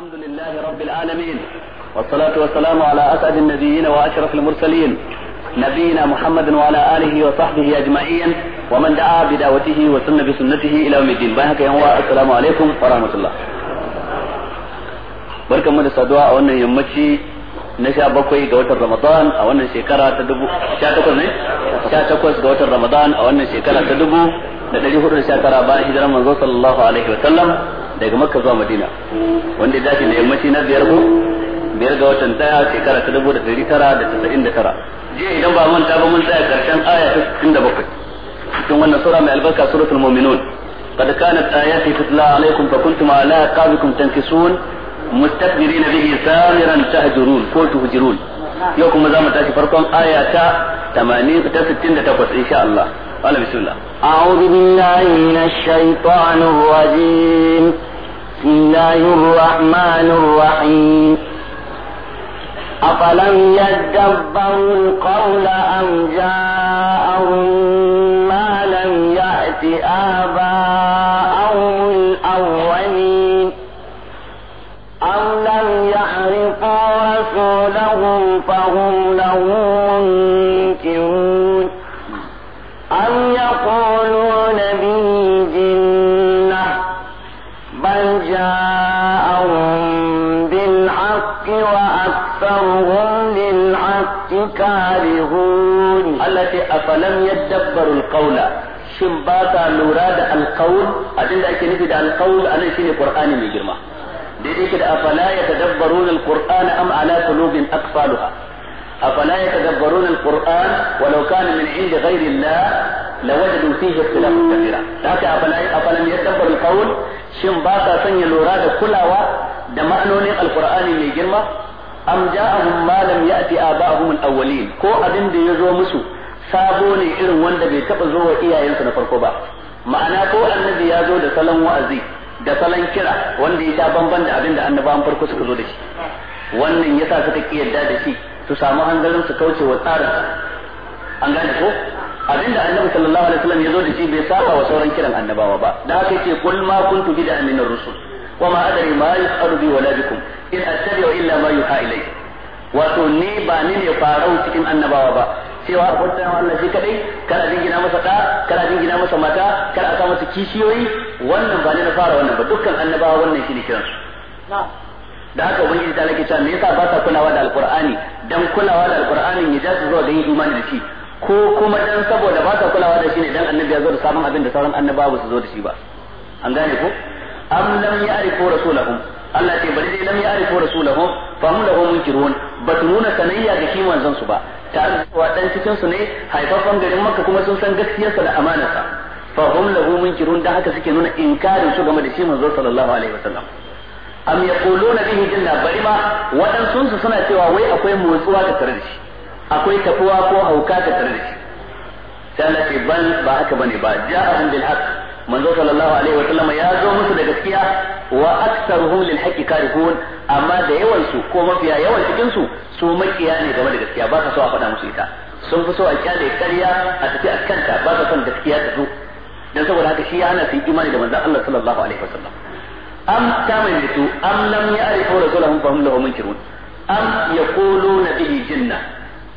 الحمد لله رب العالمين والصلاة والسلام على أسعد النبيين وأشرف المرسلين نبينا محمد وعلى آله وصحبه أجمعين ومن دعا بدعوته وسن بسنته إلى يوم الدين السلام عليكم ورحمة الله da saduwa a wannan ga watan ramadan a wannan shekara ta dubu a wannan shekara ta dubu da hudu da sha sallallahu alaihi wa daga makka zuwa madina wanda ya dace da yammaci na biyar biyar ga watan daya shekara ta dubu da ɗari tara da tasa'in da tara jiya idan ba manta ba mun tsaya karshen aya ta sittin da bakwai cikin wannan sura mai albarka suratul mu'minun قد كانت آياتي تتلى عليكم فكنتم على أعقابكم تنكسون مستكبرين به سامرا تهجرون ko تهجرون yau kuma zamu tashi farkon aya ta 80 ta 68 insha Allah. Wala bismillah. A'udhu billahi minash shaitanir rajim. بسم الله الرحمن الرحيم أفلم يدبروا القول أم جاءهم ما لم يأت آباءهم الأولين أم لم يعرفوا رسولهم فهم له falam yadabbaru alqawla shin ba ta lura da alqawl abin da ake nufi da alqawl anan shine qur'ani mai girma daidai yake da afala yatadabbaruna alqur'ana am ala qulubin aqfaluha afala yatadabbaruna alqur'an walau kana min indi ghayri allah lawajadu fihi ikhtilafan kathira haka afala afala yadabbaru alqawl shin ba ta sanya lura da kulawa da ma'anonin alqur'ani mai girma am ja'ahum ma lam ya'ti aba'ahum al-awwalin ko abin da yazo musu sabo ne irin wanda bai taba zo wa iyayensa na farko ba ma'ana ko annabi ya zo da salon wa'azi da salon kira wanda ya sha bamban da abin da annabawan farko suka zo da shi wannan yasa suka kiyarda da shi su samu hangarin su kauce wa tsarin an gane ko abin da annabi sallallahu alaihi wasallam ya zo da shi bai saba wa sauran kiran annabawa ba da haka yake kul ma kuntu bi da ar-rusul wa ma adri ma yasalu bi wala bikum in attabi'u illa ma yuha ilayhi wato ni ba ni ne farau cikin annabawa ba cewa a kwanta na wannan shi kadai kana jingina masa da kana jingina masa mata kana aka masa kishiyoyi wannan ba ne na fara wannan ba dukkan annabawa wannan ne kiran su da haka ubangiji ta lake cewa me yasa ba sa kulawa da alqur'ani dan kulawa da alqur'ani ya jasu zuwa ga yin imani da shi ko kuma dan saboda ba sa kulawa da shi ne dan annabi ya zo da sabon abin da sauran annabawa ba su zo da shi ba an gane ko am lam ya'rifu rasulahum Allah ce bari dai lam ya'rifu rasulahum fa hum lahum munkirun ba su nuna sanayya ga shi manzon su ba tare da ɗan cikinsu ne haifafan garin makka kuma sun san gaskiyarsa da amanarsa fa hum lahu munkirun da haka suke nuna inkarin su game da shi manzo sallallahu alaihi wasallam am yaquluna bihi jinna bari ma waɗansu su suna cewa wai akwai motsuwa ta tare da shi akwai tafuwa ko hauka ta tare da shi sai Allah ce ba haka bane ba ja'ahum bil haqq manzo sallallahu alaihi wa sallam ya zo musu da gaskiya wa aktsaruhum lil haqqi karihun amma da yawan su ko mafiya yawan cikin su su makiya ne game da gaskiya ba ka so a faɗa musu ita sun fi so a kyale ƙarya a tafi a ba ka son gaskiya ta zo dan saboda haka shi ya hana su imani da manzon Allah sallallahu alaihi wa sallam am tamannitu am lam ya'rifu rasulahum fa hum lahu munkirun am yaquluna bihi jinna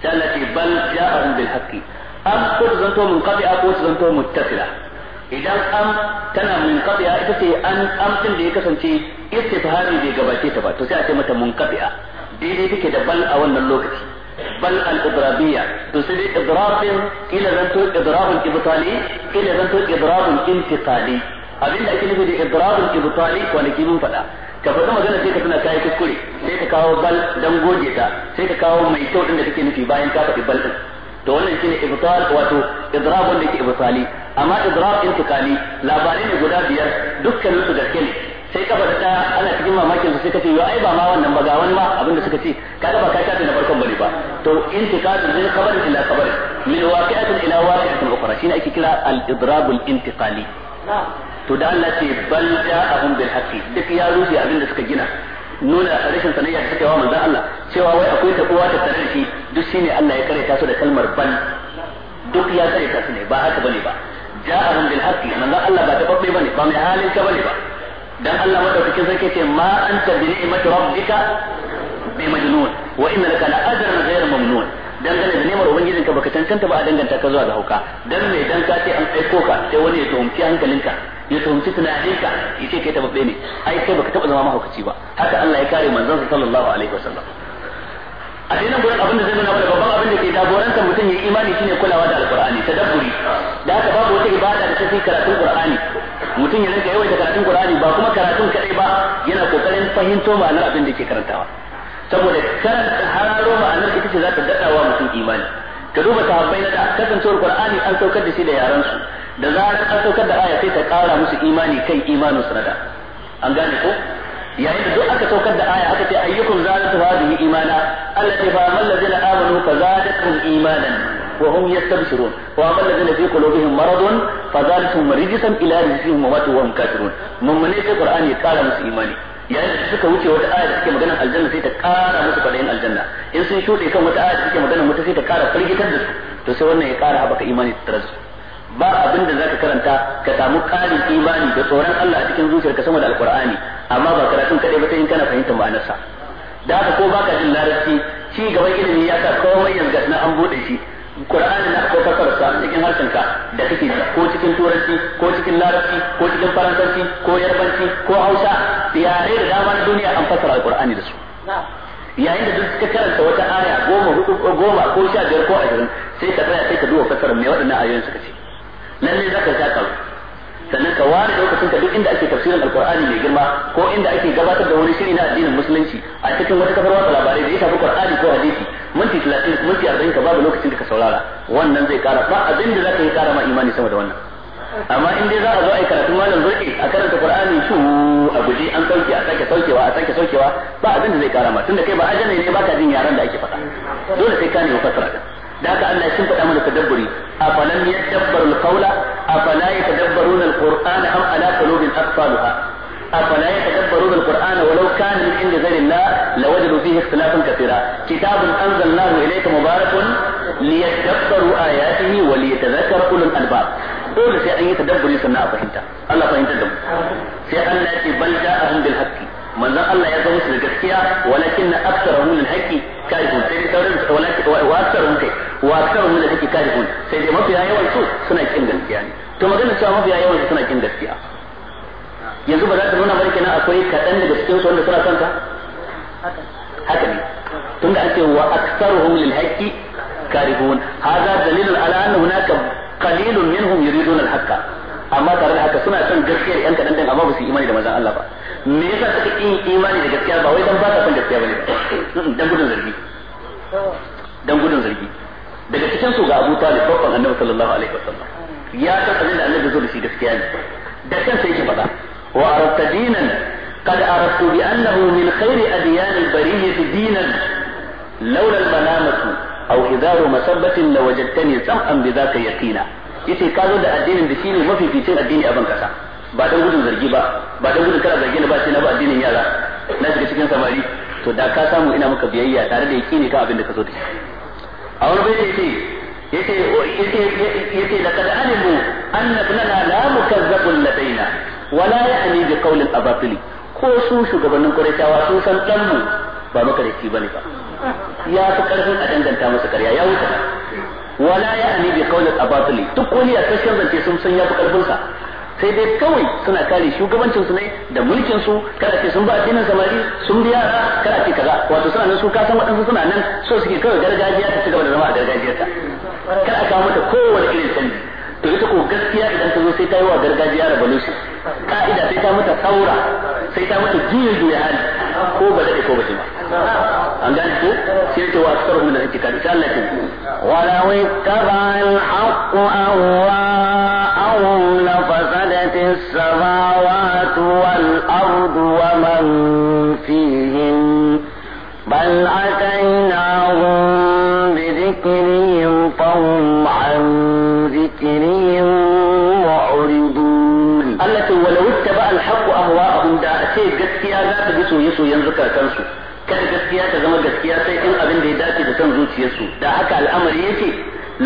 sallati bal ja'ahum bil haqqi am ko zanto mun qati'a ko zanto muttasila idan am tana munqati'a ita ce an am da ya kasance istifhami bai gabace ta ba to sai a ce mata munqati'a daidai take da bal a wannan lokaci bal al idrabiyya to sai dai idrabin ila zanto idrabun ibtali ila zanto idrabun intiqali abin da ake nufi da idrabun ibtali kwanaki mun faɗa ka faɗi magana sai ka tuna kayi kuskure sai ka kawo bal dan goge ta sai ka kawo mai kyau din da take nufi bayan ka faɗi to wannan shine ibtal wato idrab wanda yake ibtali amma idrab intikali labarai ne guda biyar dukkanin su gaske ne sai kafa ta ana cikin mamakin su sai kace yo ai ba ma wannan ba ga wani ma abin da suka ce kaga ba ka shafe na farkon bane ba to intiqadu min khabar ila khabar min waqi'atin ila waqi'atin ukhra shine ake kira al idrab al intiqali to da Allah ce bal ja'ahum bil haqqi duk ya rufe abin da suka gina nuna rashin sanayya da suka yi wa manzon Allah cewa wai akwai tabuwa ta tare da shi duk shine Allah ya ta su da kalmar ban duk ya karanta su ne ba haka bane ba ja'ahum bil haqqi manzon Allah ba ta tababbe bane ba mai halin ka bane ba dan Allah madaukakin sarki ce ma anta bi ni'mati rabbika bi majnun wa inna laka la ajran ghayra mamnun dangane da nemar ubangijin ka baka tantanta ba a danganta ka zuwa ga hauka dan me dan ka ce an aiko ka sai wani ya tuhumci hankalinka ya tuhumci tunaninka ya ce kai tababbe ne ai kai baka taba zama mahaukaci ba haka Allah ya kare manzon sallallahu alaihi wasallam a dinan gurin abin da zai nuna mana babban abin da ke jagorantar mutum ya imani shine kulawa da alqur'ani tadabburi da haka babu wata ibada da ta karatun qur'ani mutum ya rinka yawaita karatun qur'ani ba kuma karatun kadai ba yana kokarin fahimto ma'anar abin da yake karantawa saboda karanta hararo ma'anar ita ce za ta daɗa wa mutum imani ka duba sahabbai na da kasancewar qur'ani an saukar da shi da yaran su da zarar an saukar da aya sai ta ƙara musu imani kan imanin sanada an gane ko yayin da duk aka saukar da aya aka ce ayyukum zadatu hadhihi imana allah allati fa amal ladina amanu fa zadatuhum imanan wa hum yastabshirun wa amal ladina fi qulubihim maradun fa za ta zadatuhum rijsan ila rijsihim wa matu wa hum kafirun mun ne sai qur'ani ya ƙara musu imani yayin da suka wuce wata aya da suke magana aljanna sai ta kara musu kwaɗayin aljanna in sun shuɗe kan wata aya da suke magana mutu sai ta kara firgitar da su to sai wannan ya kara haɓaka imani da su ba abin da zaka karanta ka samu ƙarin imani da tsoron Allah a cikin zuciyarka sama da alƙur'ani amma ba karatun kaɗai ba sai in kana fahimtar ma'anarsa da haka ko baka jin larabci ci gaban ilimi ya sa komai yanzu na an buɗe shi Qur'ani na ko fasarsa cikin harshen ka da kake ko cikin turanci ko cikin larabci ko cikin faransanci ko yarbanci ko Hausa yare da dama na duniya an fassara alkur'ani da su yayin da duk karanta wata aya goma hudu ko goma ko sha biyar ko ashirin sai ka tsaya sai ka duba fassara me waɗannan ayoyin suka ce lalle zaka sha karu sannan ka ware lokacin ka duk inda ake tafsirin alkurani mai girma ko inda ake gabatar da wani shiri na addinin musulunci a cikin wata kafar wata labarai da ya shafi qur'ani ko hadisi minti talatin minti arba'in ka babu lokacin da ka saurara wannan zai kara ba abin da zaka yi kara ma imani sama da wannan amma in dai za a zo a yi karatun malam zurfi a karanta qur'ani shu a guji an sauke a sake saukewa a sake saukewa ba abin da zai kara ma tunda kai ba ajana ne ka jin yaran da ake faɗa dole sai ka ne fassara da haka Allah ya shimfiɗa mana tadabburi afalam yadabbaru alqawla afala yatadabbaruna alqur'ana am ala qulubin aqfaluha أفلا يتدبرون القرآن ولو كان من عند غير الله لوجدوا فيه اختلافا كثيرا كتاب أنزلناه إليك مبارك ليتدبروا آياته وليتذكر أولو الألباب dole sai an yi tadabburi sannan a fahimta Allah fahimtar da mu sai Allah ya ce bal ja'ahum bil haqqi manzon Allah ya da gaskiya walakin na aktsarahum haqqi sai sauran walakin wa kai wa sai yawan su suna kin gaskiya ne to magana cewa yawan su suna kin gaskiya yanzu ba za ta nuna barke nan akwai kaɗan daga cikin su wanda suna son ta haka ne tunda an wa lil haqqi karihun dalilun ala anna hunaka qalilun minhum yuridun al-haqqa amma tare da haka suna son gaskiyar yan kadan din amma ba su imani da manzon Allah me yasa suka ki imani da gaskiya ba wai dan ba sa son gaskiya bane dan gudun zargi zargi daga cikin su ga Abu Talib babban Annabi sallallahu alaihi wasallam ya san abin da Annabi zo da shi gaskiya ne da kansa yake faɗa wa arata dinan qad aratu bi annahu min khairi adyan al dinan aw izaru masabbatin la wajadtani sam'an bi zaka yaqina yace ka zo da addinin da shine mafificin addini a ban ba dan gudun zargi ba ba dan gudun kara zargi na ba sai na ba addinin yara na shiga cikin samari to da ka samu ina maka biyayya tare da yaqini ka abin da ka zo da shi a wani bai yace yace yace laqad alimu anna ibnana la mukazzabun ladaina wala ya'ni bi qawlin abatili ko su shugabannin qurayshawa sun san dan mu ba da makareci bane ba ya fi karfin a danganta masa karya ya wuce wala ya ani bi qawlin abatili duk wani ya kashin zance sun san ya fi karfin sa sai dai kawai suna kare shugabancin su ne da mulkin su kada ce sun ba addinin samari sun biya kada ce kaza wato suna nan su ka san waɗansu suna nan so suke kawai gargajiya ta cigaba da zama a ta kada a kawo mata kowane irin canji to ita ko gaskiya idan ta zo sai ta yi wa gargajiya revolution ka'ida sai ta mata saura sai ta mata juyin juya hali ko ba daɗe ko ba shi ba an gane sai ce wa aksar Allah al la samawati wal-ardu wa man fihim bal gaskiya za ta bi soye-soyen zukatansu kada gaskiya ta zama gaskiya sai in abin da ya dace da son zuciyarsu da haka al'amari yake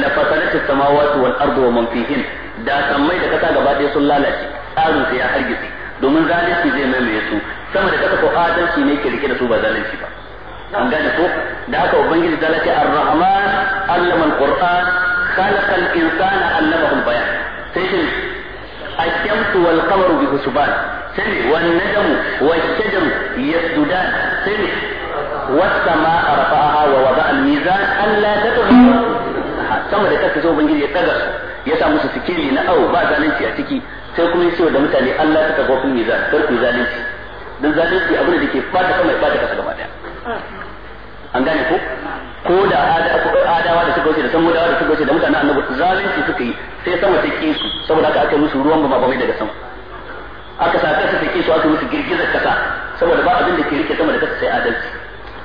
la fasalat samawati wal ardu wa man fihin da sammai da kasa gaba ɗaya sun lalace tsarin su ya hargitse domin zalunci zai mamaye su sama da kasa ko adalci ne ke rike da su ba zalunci ba an gane ko da haka ubangiji ta ar-rahman allama al-qur'an khalaqa al-insana allamahu al-bayan sai shi الشمس والقمر بحسبان sai wan nadamu washjaru yasjudan sai wasama'a rafa'aha wa wada'a al-mizan alla tad'u sama da kasa zo ubangiji ya daga ya sa musu sikili na awo ba zalunci a ciki sai kuma ya da mutane Allah ta tabo kun kar ku zalunci zalunci ke kama an gane ko ko da adawa da suka wuce da da suka wuce da mutanen annabi zalunci suka yi sai sama ta su saboda haka aka musu ruwan ba ba mai daga sama aka sa kasa take su aka musu girgizar kasa saboda ba abin da ke rike sama da kasa sai adalci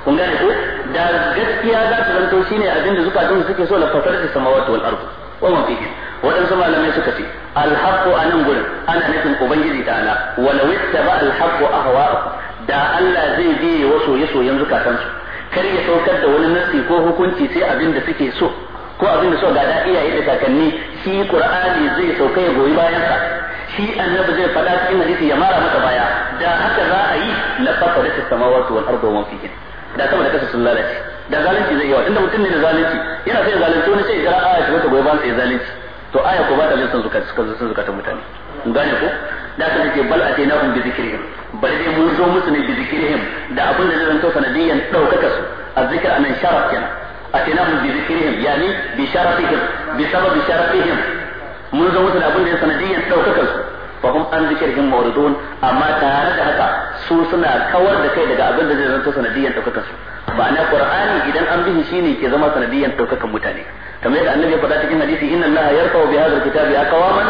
kun gane ko da gaskiya za ta zanto shine abin da zukatun suke so la fatar da samawati wal ardu wa ma fihi waɗansu malamai suka ce alhaqqu anan gurin ana nufin ubangiji ta'ala ba ittaba alhaqqu hawa da Allah zai biye wa soye-soyen zukatansu kar ya saukar da wani nasi ko hukunci sai abin da suke so ko abin da suka gada iyaye da kakanni shi qur'ani zai sauka ya goyi bayan sa shi annabi zai faɗa cikin hadisi ya mara masa baya da haka za a yi la fasadat as-samawati wal ardu wa fihi da sama da kasa sun lalace da zalunci zai yawa tunda mutum ne da zalunci yana sai zalunci wani sai jira aya shi wata goyi bayan sai zalunci to aya ko ba ta jin san zuka san mutane gane ko da ta ce bal atainahum bi zikrihim bal dai mun zo musu ne bi zikrihim da abin da zai zanto sanadiyan daukaka su azzikr anan sharaf kenan atinahum bi zikrihim yani bi sharafihim bi sabab sharafihim mun zo musu da abin da ya sanadiyyar daukakar su fa hum an zikrihim amma tare da haka suna kawar da kai daga abin da zai zanto sanadiyyar daukakar su ba na idan an bi shi ne ke zama sanadiyyar daukakar mutane kamar annabi ya faɗa hadisi inna allaha yarfa'u bi hadha alkitabi aqwaman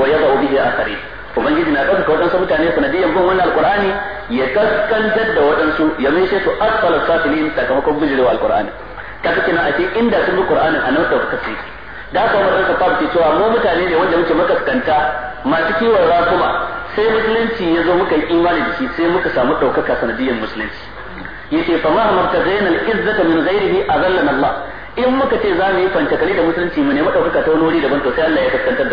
wa yada'u ubangiji na ɗaukaka waɗansu mutane sanadiyyar bin wannan Alƙur'ani ya kaskantar da waɗansu ya mai su asfala ne sakamakon bijirewa alkur'ani kaga kenan a ce inda sun bi Qur'anin a nan ɗaukaka sai da haka Umar bin ce cewa mu mutane ne wanda muke makaskanta masu kiwon rakuma sai musulunci ya zo muka yi imani da shi sai muka samu ɗaukaka sanadiyar musulunci yace fa ma hamarta zaina al-izzata min ghairihi azallana Allah in muka ce za mu yi fantakali da musulunci mu nemi ɗaukaka ta wani wuri daban to sai Allah ya kaskantar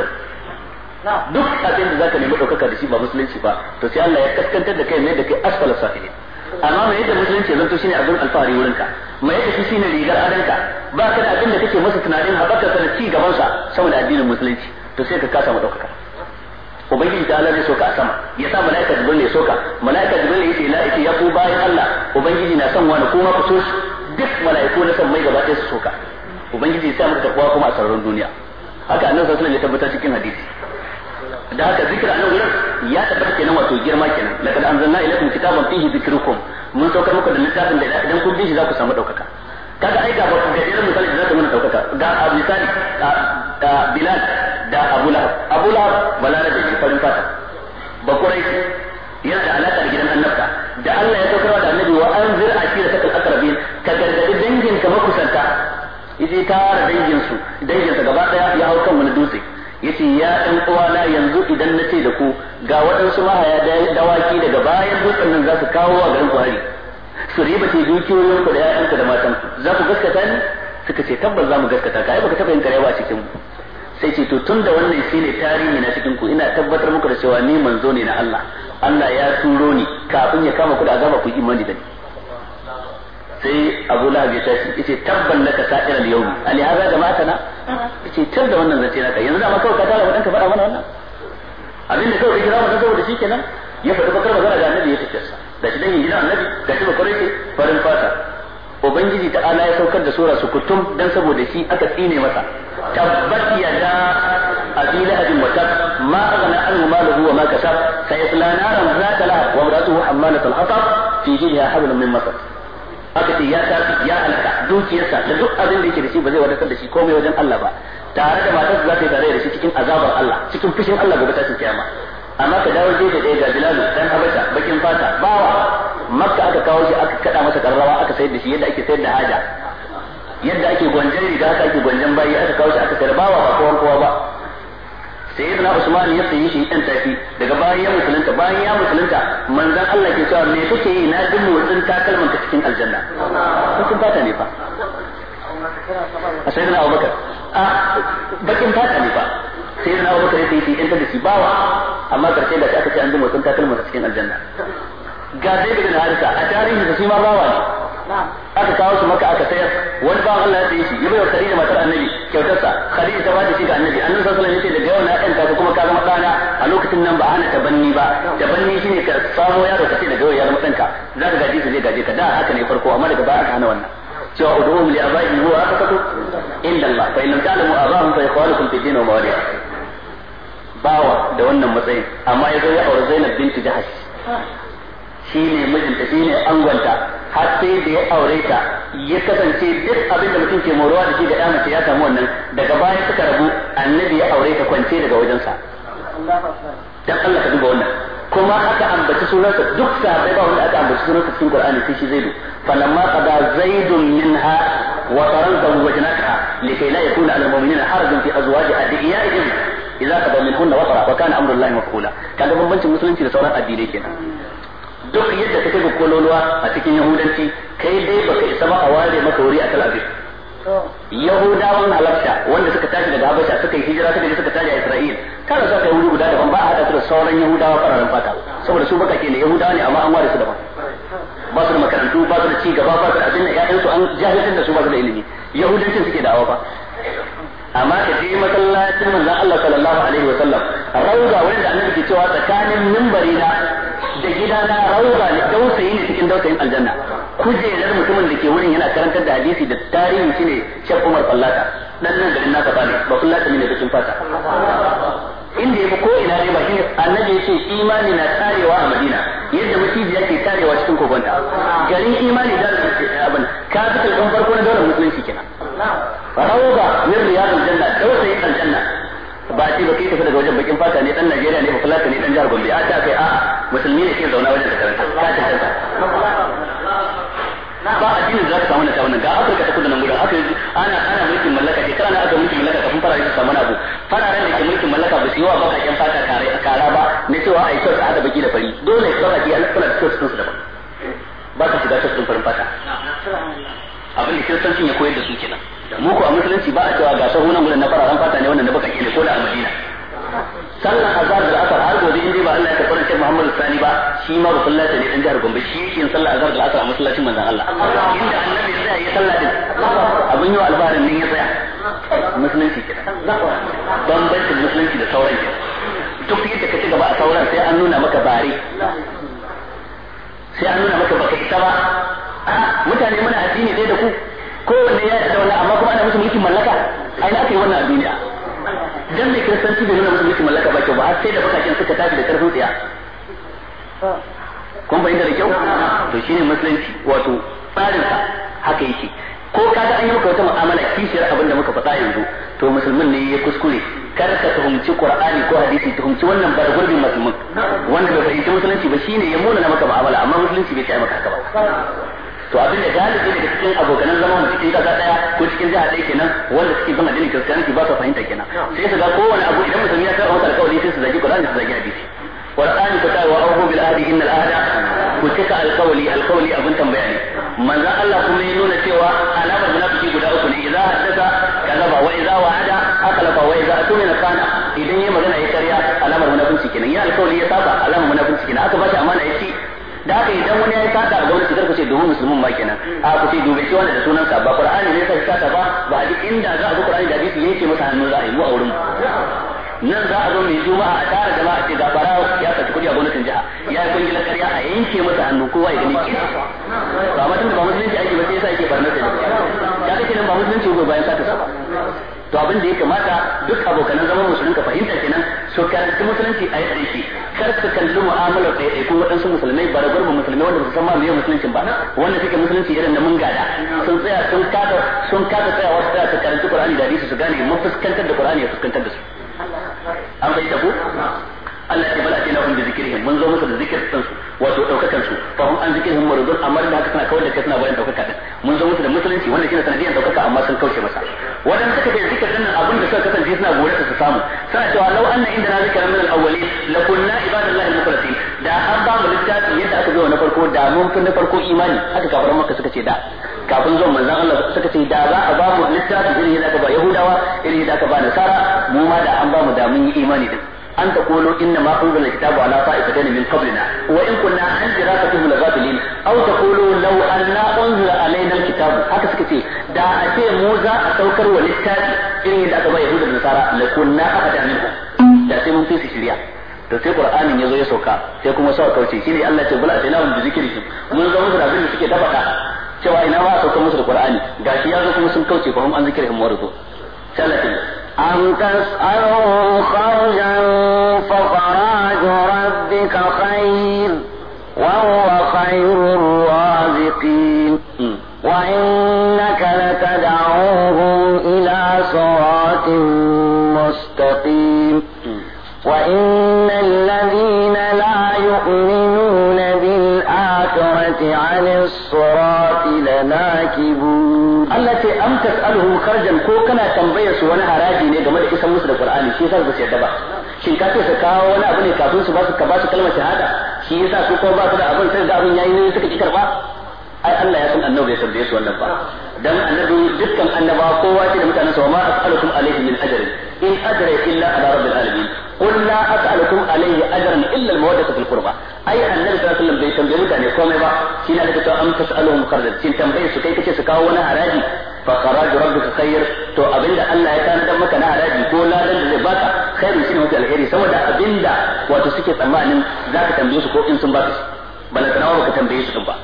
da mu duk abin da zaka nemi ɗaukaka da shi ba musulunci ba to sai Allah ya kaskantar da kai ne da kai asfalasafilin amma mai yadda musulunci zanto shine abin alfahari wurin ka mai yadda shi shine rigar adanka ba ka da abin da kake masa tunanin haɓaka sa da ci gaban sa saboda addinin musulunci to sai ka kasa mu ɗaukaka ubangiji ta Allah zai soka a sama ya sa mala'ika jibril ya soka mala'ika jibril ya la ita ya bayan Allah ubangiji na son wani kuma ku so shi duk mala'iku na son mai gaba ɗaya su soka ubangiji ya sa maka takwa kuma a sararin duniya haka annabi sallallahu alaihi wasallam ya tabbatar cikin hadisi da haka zikir a nan wurin ya tabbata kenan wato girma kenan laqad anzalna ilaykum kitaban fihi zikrukum mun saukar muku da littafin da idan kun bi shi za ku samu daukaka kaga ai ga ba ga irin misali da zaka mana daukaka ga a misali da Bilal da Abu Lahab Abu Lahab balarabe ne farin fata ce ya ɗan uwana yanzu idan na ce da ku ga waɗansu mahaya dawaki daga bayan dukkan nan za su kawo wa garin hari su riba ce dukiyoyin ku da ‘ya’yanku da matan ku za ku gaskata ni suka ce tabbas za mu gaskata ka ai baka taɓa yin karewa a cikin sai ce to tun da wannan ne tarihi na cikinku ina tabbatar muku da cewa ni manzo ne na Allah Allah ya turo ni kafin ya kama ku da azaba ku imani da ni sai abu lahab ya tashi yace tabban laka sa'ir al yawm ali hada da matana ita tar da wannan zance naka yanzu da ma kawai ka tara mu dan ka faɗa mana wannan abinda kawai ka kira mu dan saboda shi kenan ya faɗi bakar magana da annabi ya tafi sa da shi dangin gidan annabi da shi bakar yake farin fata ubangiji ta ala ya saukar da sura su kutum dan saboda shi aka tsine masa tabbat yada abi lahabin wa tab ma aghna anhu maluhu wa ma kasab sayasla naran zata lahab wa imratuhu hammalat al-hatab fi jidha hablum min masad aka ce ya tafi ya halaka dukiyarsa da duk abin da yake da shi ba zai wadatar da shi komai wajen Allah ba tare da matarsa za ta yi tare da shi cikin azabar Allah cikin fushin Allah gobe tashin kiyama amma ka dawo je da ga Bilalu dan Habasha bakin fata bawa makka aka kawo shi aka kada masa karrawa aka sayar da shi yadda ake sayar da haja yadda ake gwanjan riga aka ake gwanjan bayi aka kawo shi aka sayar bawa ba kowa kowa ba sayyidina usman ya sayi shi dan tafi daga bayan ya musulunta bayan ya musulunta manzon Allah ke cewa me kake yi na jin motsin ta kalmanta cikin aljanna sun fata ne fa a sayyidina abubakar a bakin fata ne fa sayyidina abubakar ya sayi shi dan tafi bawa amma karshe da aka ce an ji motsin ta kalmanta cikin aljanna ga Zaid bin Harisa a tarihi da shi ma bawa ne aka kawo su maka aka sayar wani ba Allah ya sayi shi ya bayar Khadija matar Annabi kyautarsa Khadija ta bada shi ga Annabi Annabi sallallahu alaihi wasallam yace daga yau na kanta ka kuma ka zama dana a lokacin nan ba ana banni ba da tabanni shine ka samo yaro kace daga yau ya zama danka ka gaje su je gaje ka da haka ne farko amma daga baya aka hana wannan cewa ud'uhum li abaihim huwa aqsatu inda Allah fa in lam ta'lamu abahum fa ikhwanukum fid din wa mawalikum bawa da wannan matsayin amma ya zo ya aure Zainab binti Jahash shi ne mijinta shi ne angonta har sai da ya aure ta ya kasance duk abin da mutum ke moruwa da shi da ɗan ya samu wannan daga baya suka rabu annabi ya aure ta kwance daga wajensa dan Allah ka duba wannan kuma aka ambaci sunansa duk sahabbai ba wanda aka ambaci sunansa cikin Qur'ani sai shi Zaidu falamma qada zaidun minha wa taran zawwajnaka likay la yakuna al mu'minina harajun fi azwaji adiyaihim idza qada minhunna wa tara wa kana amru llahi maf'ula kaga bambancin musulunci da sauran addinai kenan duk yadda kake ga kololuwa a cikin yahudanci kai dai baka isa ba a ware maka wuri a Tel Aviv Yahudawan Halabsha wanda suka tashi daga Habasha suka yi hijira suka je suka tashi a Isra'il kada su kai wuri guda daban ba a haɗa su da sauran Yahudawa fararen fata saboda su baka ke ne Yahudawa ne amma an ware su daban ba su da makarantu ba su da ci gaba ba su da abin da ya'yansu an jahilcin da su ba su da ilimi Yahudancin suke da'awa fa amma ka je masallacin manzon Allah sallallahu alaihi wa sallam rauza wanda annabi ke cewa tsakanin mimbari na da gidana rauba ne dausayi ne cikin dausayin aljanna kujerar mutumin da ke wurin yana karantar da hadisi da tarihi shine Sheikh Umar Fallata dan nan garin nasa bane ba Fallata ne da cikin fata inda yafi ko ina ne ba shine annabi yace imani na tarewa a Madina yadda mutijiya ke tarewa cikin kogonta garin imani da abin ka fitar farko na daular musulunci kenan rauba min riyadul janna dausayin aljanna ba shi ba kai tafi daga wajen bakin fata ne dan Najeriya ne ba kula ne dan jihar Gombe a ta kai a musulmi ne ke zauna wajen karanta ta ba a da za ka samu na wannan ga Afirka ta kudu nan gudan aka ana ana mulkin mallaka ke kana aka mulkin mallaka kafin fara yin samu abu fararen da ke mulkin mallaka ba su yi wa bakaken fata kare kara ba na cewa yi kyau a da baki da fari dole su baki an kula da kyau su daban ba ka shiga cikin farin fata abin da kiristanci ya koyar da su kenan mu ko a musulunci ba a cewa ga sahu nan gudan na fararen fata ne wannan na baka ne ko da a Madina sallan azhar da asar har gobe in dai ba Allah ya karɓi sai Muhammadu Sani ba shi ma rukullata ne dan jihar Gombe shi yake sallan azhar da asar a masallacin manzon Allah inda annabi ya yi sallah din abin yau albarin din ya tsaya musulunci kenan bambancin musulunci da sauran duk yadda ka ci gaba a sauran sai an nuna maka bare sai an nuna maka baka ita ba mutane muna addini ɗaya da ku kowanne ya da wannan amma kuma ana musu mulkin mallaka ai na kai wannan duniya dan ne kiristanci bai nuna musu mulkin mallaka ba kyau ba sai da bakakin suka tafi da karfin tsiya kun fahimta da kyau to shine musulunci wato tsarin sa haka yake ko ka ga an yi maka wata mu'amala kishiyar abin da muka faɗa yanzu to musulmin ne ya kuskure kar ka tuhumci qur'ani ko hadisi tuhumci wannan bar gurbin musulmin wanda bai fahimci musulunci ba shine ya muna maka mu'amala amma musulunci bai kai maka haka ba to abin da galibi daga cikin abokanan zama mu cikin kasa daya ko cikin jiha ɗaya kenan wanda suke bin addinin kiristiyanci ba su fahimta kenan sai su ga kowane abu idan mutum ya karɓa masa alƙawari sai su zagi Qur'ani su zagi hadisi Qur'ani ku ta wa auhu bil ahdi innal ahda ku cika alƙawari alƙawari abin tambaya ne manzon Allah kuma ya nuna cewa alamar munafiki guda uku ne idza haddasa kazaba wa idza a akhlafa wa idza atumina kana idan ya magana ya karya alamar munafiki kenan ya alƙawari ya saba alamar kenan aka ba a amana ya da haka idan wani ya yi sata a gwamnati kar ku ce domin musulmin ma kenan a ku ce dubai shi wanda da sunan sa ba qur'ani ne sai sata ba ba a duk inda za a ga qur'ani da hadisi yake masa hannu za a yi mu a wurin nan za a zo mai juma'a a tara da a ce ga farawa ya saci kudi a gwamnatin jiha ya yi kungiyar karya a yanke masa hannu kowa ya gani ke ba mutum da ba musulunci ake ba sai yasa yake barnar da ya kake nan ba musulunci ba bayan sata sa ba to abin da ya kamata duk abokanan zaman musulun ka fahimta kenan so ta musulunci a yadda yake kar su kalli mu'amalar ɗaiɗaikun waɗansu musulmai barabar gurbin musulmai wanda su san ma meye musuluncin ba wanda suke musulunci irin da mun gada sun tsaya sun kada sun kada tsaya su tsaya su karanta qur'ani da hadisi su gane mun fuskantar da qur'ani ya fuskantar da su an bayyana ku Allah ya bala ina hum bi zikirin mun zo musu da zikirin su wato daukakan su fa hum an zikirhum muridun amma da haka suna kawar da kai suna bayan daukaka din mun zo musu da musulunci wanda shine sanadiyan daukaka amma sun kauce masa Wadan suka ce zikir din abin da suka kasance suna gore su samu suna cewa law anna indana zikran min al-awwalin la kunna ibadallahi al-mukhlasin da an ba mu littafi yadda aka zo na farko da mun fi na farko imani haka kafiran makka suka ce da kafin zuwan manzon Allah suka ce da za a ba mu littafi irin yadda aka ba yahudawa irin yadda aka ba nasara mu ma da an ba mu da mun yi imani din أن تقولوا إنما أنزل الكتاب على طائفتين من قبلنا وإن كنا عن دراستهم لغافلين أو تقولوا لو أن أنزل علينا الكتاب هكذا كتير دا أتي موزة أتوكر وللتالي إن إذا أتبع يهود النصارى لكنا أخذ منهم دا أتي من فيس شريعة to sai ya zo ya sauka sai kuma sa kauce ne Allah ce bala sai lahum bi zikrihim mun zo musu da abin da suke tabaka cewa ina ba a sauka musu da qur'ani gashi yazo kuma sun kauce fa an an mu warzu sai Allah أم تسألهم خرجا فخراج ربك خير وهو خير الرازقين وإن الحاكمه عن الصراط لناكبون التي ام تساله خرجا كو كنا تنبيه su wani haraji ne game da isan musu da qur'ani shi sai su yadda ba shin ce su kawo wani abu ne kafin su ba su ka ba su kalmar shahada shi yasa su ko ba su da abin sai da abin yayi ne suka ci karba ai Allah ya san annabi ya tambaye su wannan ba dan annabi dukkan annaba kowa ce da mutanen sa ma as'alukum alaihi min ajri in ajri illa ala rabbil alamin qul la as'alukum ajran illa fil qurba ai annabi sallallahu alaihi wasallam bai tambaye mutane komai ba shi ne da ta an tas'aluhum kharjan shin tambaye su kai kace su kawo wani haraji fa kharaju rabbika khair to abinda Allah ya tanadar maka na haraji ko ladan da zai baka khairu shine mafi alheri saboda abinda wato suke tsammanin zaka tambaye su ko in sun baka balantana ba ka tambaye su ba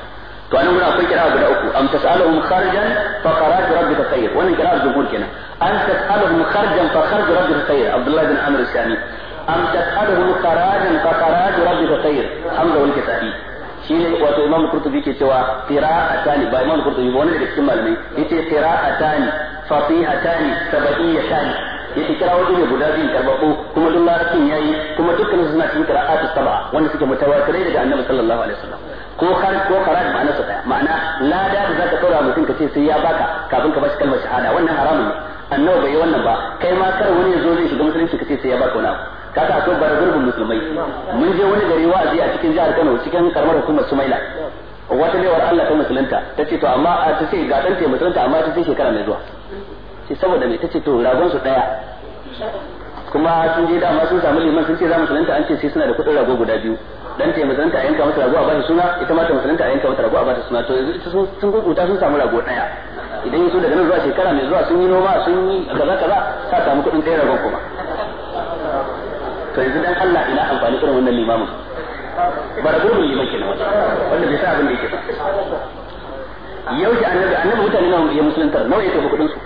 to anan gurin akwai kira'a guda uku am tas'aluhum kharjan fa kharaju rabbika khayr wannan kira'a jumhur kenan an tas'aluhum kharjan fa kharaju rabbika khayr Abdullah bin Amr al-Shami am tas'aluhum kharajan fa kharaju rabbika khayr Hamza wal Kisabi shine wato Imam Qurtubi ke cewa qira'atani ba Imam Qurtubi ba wani daga cikin malamai yace qira'atani fatihatan sabaiyatan kira wani ne guda biyu karbabu kuma duk larabcin yayi kuma dukkan suna cikin qira'atu sab'a wanda suke mutawatirai daga Annabi sallallahu alaihi wasallam ko har ko karat ma'ana su daya ma'ana lada da zaka tura mutum ka ce sai ya baka kafin ka bashi kalmar shahada wannan haramun ne annabi bai yi wannan ba kai ma kar wani ya zo zai shiga musulunci ka ce sai ya baka wani kaka so bar bargurbin musulmai mun je wani gari wa'azi a cikin jihar Kano cikin karamar hukumar Sumaila wata baiwar Allah ta musulunta ta ce to amma ta ce ga dan ta musulunta amma ta ce shekara mai zuwa sai saboda me ta ce to ragon su daya kuma sun je dama sun samu liman sun ce za musulunta an ce sai suna da kuɗin rago guda biyu dan ta musulunta a yanka mata rago a ba suna ita ma ta musulunta a yanka mata rago a ba suna to yanzu ita sun kukuta sun samu rago ɗaya idan su daga nan zuwa shekara mai zuwa sun yi noma sun yi kaza kaza ta samu kuɗin ɗaya ragon kuma to yanzu dan Allah ina amfani irin wannan limamin ba rago mun liman kenan wanda bai sa abin da yake ba yau shi annabi annabi mutane nawa ya musulunta nawa yake kuɗin su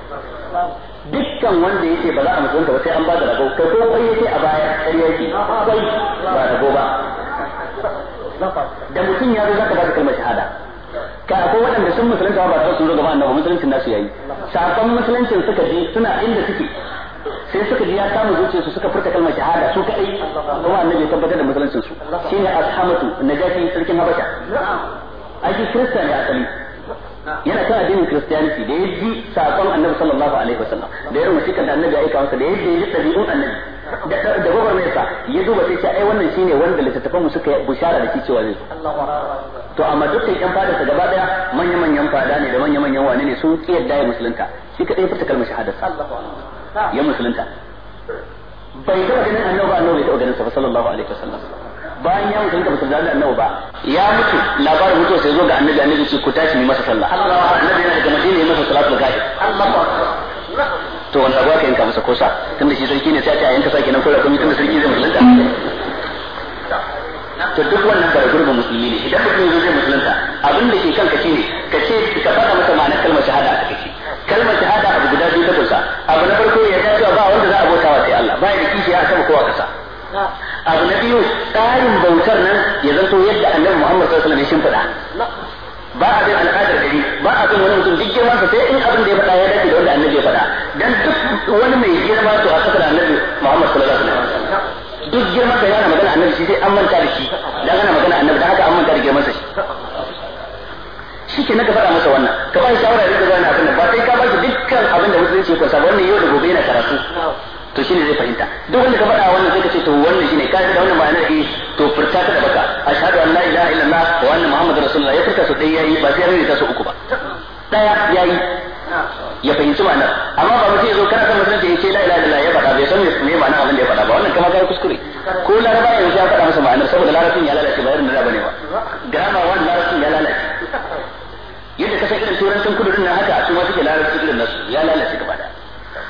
dukkan wanda ya ce ba za a mutunta ba sai an ba da rago kai ko kai yake a baya ƙarya yake kai ba rago ba da mutum ya zo zaka ba da kalmar shahada ka ko waɗanda sun musulunta ba ta sun zo gaba annabi musuluncin nasu yayi sakon musuluncin suka ji suna inda suke sai suka ji ya samu zuciyarsu su suka furta kalmar shahada su kai kuma annabi tabbatar da musuluncin su shine ashamatu najati sarkin habasha aji kirista ne asali yana kan addinin kristiyanci da ya ji sakon annabi sallallahu alaihi wasallam da irin wasikar da annabi ya aika masa da ya ji ɗabi'un annabi da gobar mai sa ya duba sai ce ai wannan shine wanda littattafan mu suka bushara da kici cewa zai to amma dukkan yan fada sa gaba daya manya manyan fada ne da manya manyan wane ne sun kiyar da ya musulunta shi kadai fita kalmar shahada ya musulunta bai ga ganin annabi annabi bai ganin sa sallallahu alaihi wasallam bayan ya mutu da basu zalunci annabi ba ya mutu labarin mutu sai zo ga annabi annabi ce ku tashi mu masa sallah annabi yana daga madina ya masa salatul ghaib to wanda ba ka yanka masa kosa tunda shi sarki ne sai a yanka sake nan ko da kuma tunda sarki zai musulunta to duk wannan bara gurbin musulmi ne idan mutum yazo zai musulunta abin da ke kanka shine ka ce ka fara masa ma'anar kalmar shahada a kake kalmar abu na biyu tsarin bautar nan ya zanto yadda annabi Muhammad sallallahu alaihi wasallam ya shimfiɗa ba a bin al'adar gari ba a bin wani mutum duk girma sa sai in abin da ya faɗa ya dace da wanda annabi ya faɗa dan duk wani mai girma to a kasar annabi Muhammad sallallahu alaihi wasallam duk girma sa yana magana annabi shi sai an manta da shi dan ana magana annabi dan haka an manta da girman sa shi shi ke naka faɗa masa wannan ka ba shi shawara da zai abin da ba sai ka ba shi dukkan abin da musulunci ko sabon ne yau da gobe yana karatu to shine zai fahimta duk wanda ka faɗa wannan sai ka ce to wannan shine ka da wannan ma'anar eh to furta ka da baka ashhadu an la ilaha illallah wa anna muhammadar rasulullah ya furta su dai yayi ba sai ya ta su uku ba daya yayi ya fahimci ma'ana amma ba mutum ya zo kana san musulunci ya ce la ilaha illallah ya faɗa bai san me ma'ana abin da ya faɗa ba wannan kama kai kuskure ko laraba yanzu ya faɗa masa ma'anar saboda larabcin ya lalace ba irin da bane ba grammar one larabcin ya lalace yadda ka san irin turancin kudurin nan haka su ma suke larabci irin nasu ya lalace gaba daya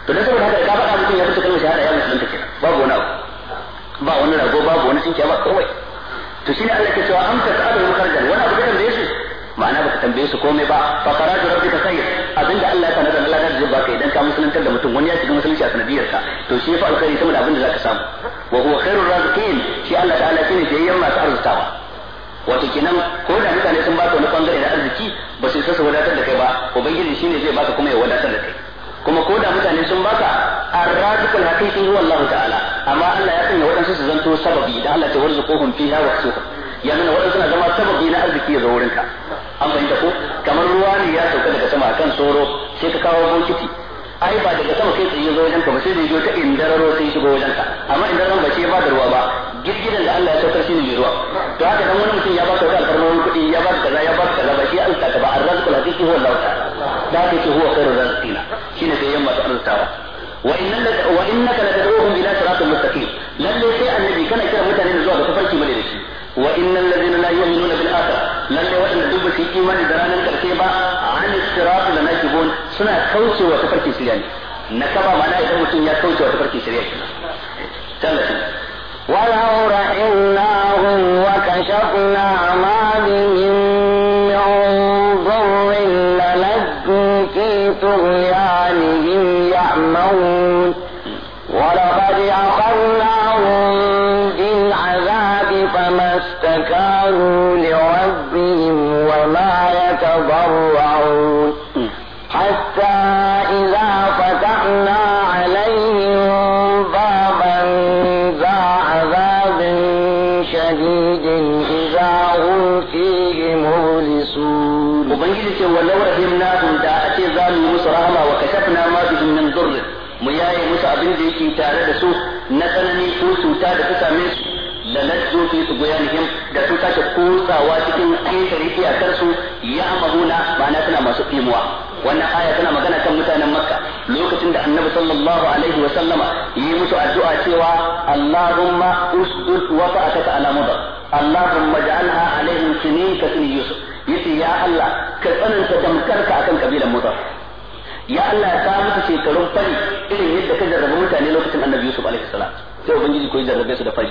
to da saboda haka da ka faɗa mutum ya fita kalmar shahada ya musulunta kenan babu wani abu ba wani rago babu wani tsinkiya ba kawai to shine Allah ke cewa amsa ta abu makarjan wani abu da tambaye ma'ana baka tambaye su komai ba fa qaratu rabbika sayyid abinda Allah ya sanar da Allah zai baka idan ka musuluntar da mutum wani ya shiga musulunci a sanadiyar ka to shi fa alkhairi sama da abinda zaka samu wa huwa khairur raziqin shi Allah ta'ala shine jayyan masu arzikawa wato kenan ko da mutane sun ba ka wani bangare na arziki ba su sai su wadatar da kai ba ubangiji shine zai baka kuma ya wadatar da kai kuma ko da mutane sun baka ar-raziqul haqiqi huwa Allah ta'ala amma Allah ya sanya waɗansu su zanto sababi da Allah ta warzuquhum fiha wa suhum ya nuna waɗansu suna zama sababi na arziki ya zo wurin ka an fahimta ko kamar ruwa ne ya sauka daga sama akan tsoro sai ka kawo bokiti ai ba daga sama kai tsaye zo wajen ka ba sai da ta indararo sai shigo wajen ka amma indararon ba ce ba da ruwa ba girgidan da Allah ya saukar shi ne mai ruwa to haka dan wani mutum ya ba baka wata alfarmar kuɗi ya ba ka kaza ya ba ka kaza ba shi Allah ta ba ar-raziqul haqiqi huwa Allah ta'ala da haka yake huwa khairur raziqina shine sai yamma ta arzutawa wa innaka wa innaka latad'uhum ila siratin mustaqim lalle sai annabi kana kira mutane zuwa ga tafarki mai da shi wa innal ladina la yu'minuna bil akhirah lalle wadanda duk ba shi yi imani da ranar karshe ba an sirat la nakibun suna kaucewa tafarkin shirya ne nakaba ma'ana idan mutum ya kaucewa tafarkin shirya kenan tallafi wa ciki tare da su na tsanani ko cuta da ta same su da na fi su goyanihim da su sake kutsawa cikin ƙetare iyakar su ya amahuna ma'ana suna masu ɗimuwa wannan aya tana magana kan mutanen makka lokacin da annabi sallallahu alaihi wa sallama yi musu addu'a cewa allahumma usdud wafa'ataka ala mudar allahumma ja'alha alaihim sinin ka yusuf yace ya allah ka tsananta damkarka akan kabilan mudar ya Allah ta musu shekarun fari irin yadda ka jarrabe mutane lokacin annabi Yusuf alaihi salam sai ubangiji ko ya jarrabe su da fari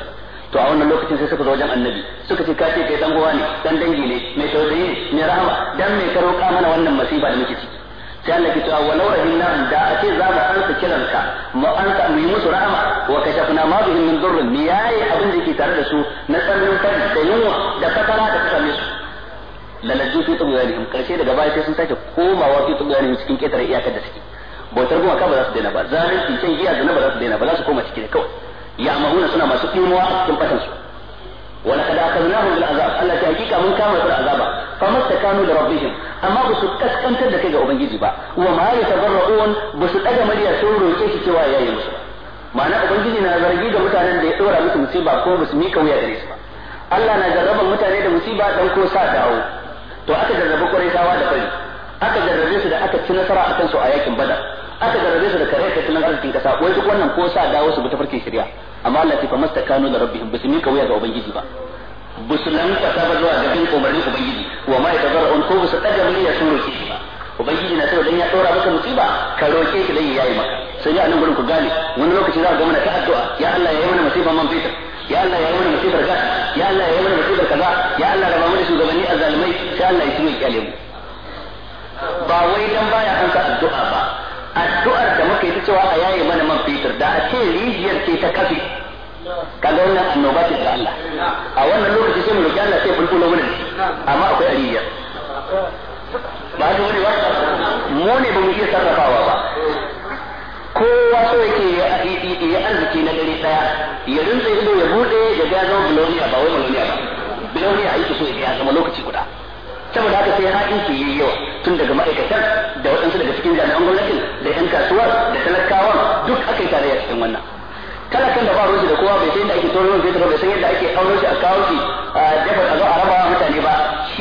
to a wannan lokacin sai suka zo wajen annabi suka ce ka ce kai dan uwa ne dan dangi ne mai tausayi ne mai rahama dan mai karo ka mana wannan masifa da muke ciki sai Allah ke cewa walau rahimna da a ce za mu ansa kiranka mu ansa mu yi musu rahama wa kashafna ma bihim min durrin mi yayi abin da ke tare da su na tsarin fari da yunwa da fatara da ta su lalace su tsubiyanihim karshe daga baya sai sun sake komawa su tsubiyanihim cikin ketare iyakar da suke bautar gumaka ba za su daina ba zalunci cikin giya da ba za su daina ba za su koma cikin kawai ya mahuna suna masu ɗimuwa a cikin fatan su wala kada akhadnahum bil azab Allah ta hakika mun kama su azaba kanu da rabbihim amma ba su kaskantar da kai ga ubangiji ba wa ma ya yatabarra'un ba su daga murya sun roƙe shi cewa yi musu ma'ana ubangiji na zargi ga mutanen da ya dora musu musiba ko ba su mika wuya gare su ba Allah na jarraban mutane da musiba dan ko sa dawo to aka jarrabe sawa da fari aka jarrabe su da aka ci nasara akan su a yakin bada aka jarrabe su da kare ta cikin arzikin kasa wai duk wannan ko sa dawo su bi tafarkin shari'a amma Allah ya mastakanu da rabbihim bisu ka wuya ga ubangiji ba busulan kasa ba zuwa ga bin umarnin ubangiji wa ma yatadarrun ko su daga miliya sun suru shi ba ubangiji na cewa dan ya dora maka musiba ka roke shi dan yi maka sai ya nan gurin ku gane wani lokaci za ka ga mana ta addu'a ya Allah ya yi mana musiba man fitar ya Allah ya yi mana musibar gas ya Allah ya yi mana musibar kaza ya Allah raba mana shugabanni a azzalumai sai Allah ya shiru kyale mu ba wai dan baya an ka addu'a ba addu'ar da muka yi ta cewa a yaye mana man fitar da a ce rijiyar ce ta kafe kaga wannan annoba ce da Allah a wannan lokaci sai mu roki Allah sai bulbulo mana amma akwai rijiyar ba haka wani ba mu ne ba mu iya sarrafawa ba kowa so yake ya arziki na dare daya ya rinsa ido ya bude ya ga zama bilonia ba wai bilonia ba bilonia yake so ya zama lokaci guda saboda haka sai ha'inci yi yawa tun daga ma'aikatan da waɗansu daga cikin jami'an gwamnatin da 'yan kasuwa da talakawan duk aka yi tarayya cikin wannan talakan da ba ruwa da kowa bai san yadda ake tono bai bai san yadda ake aure shi a kawo shi a jefar a zo a raba mutane ba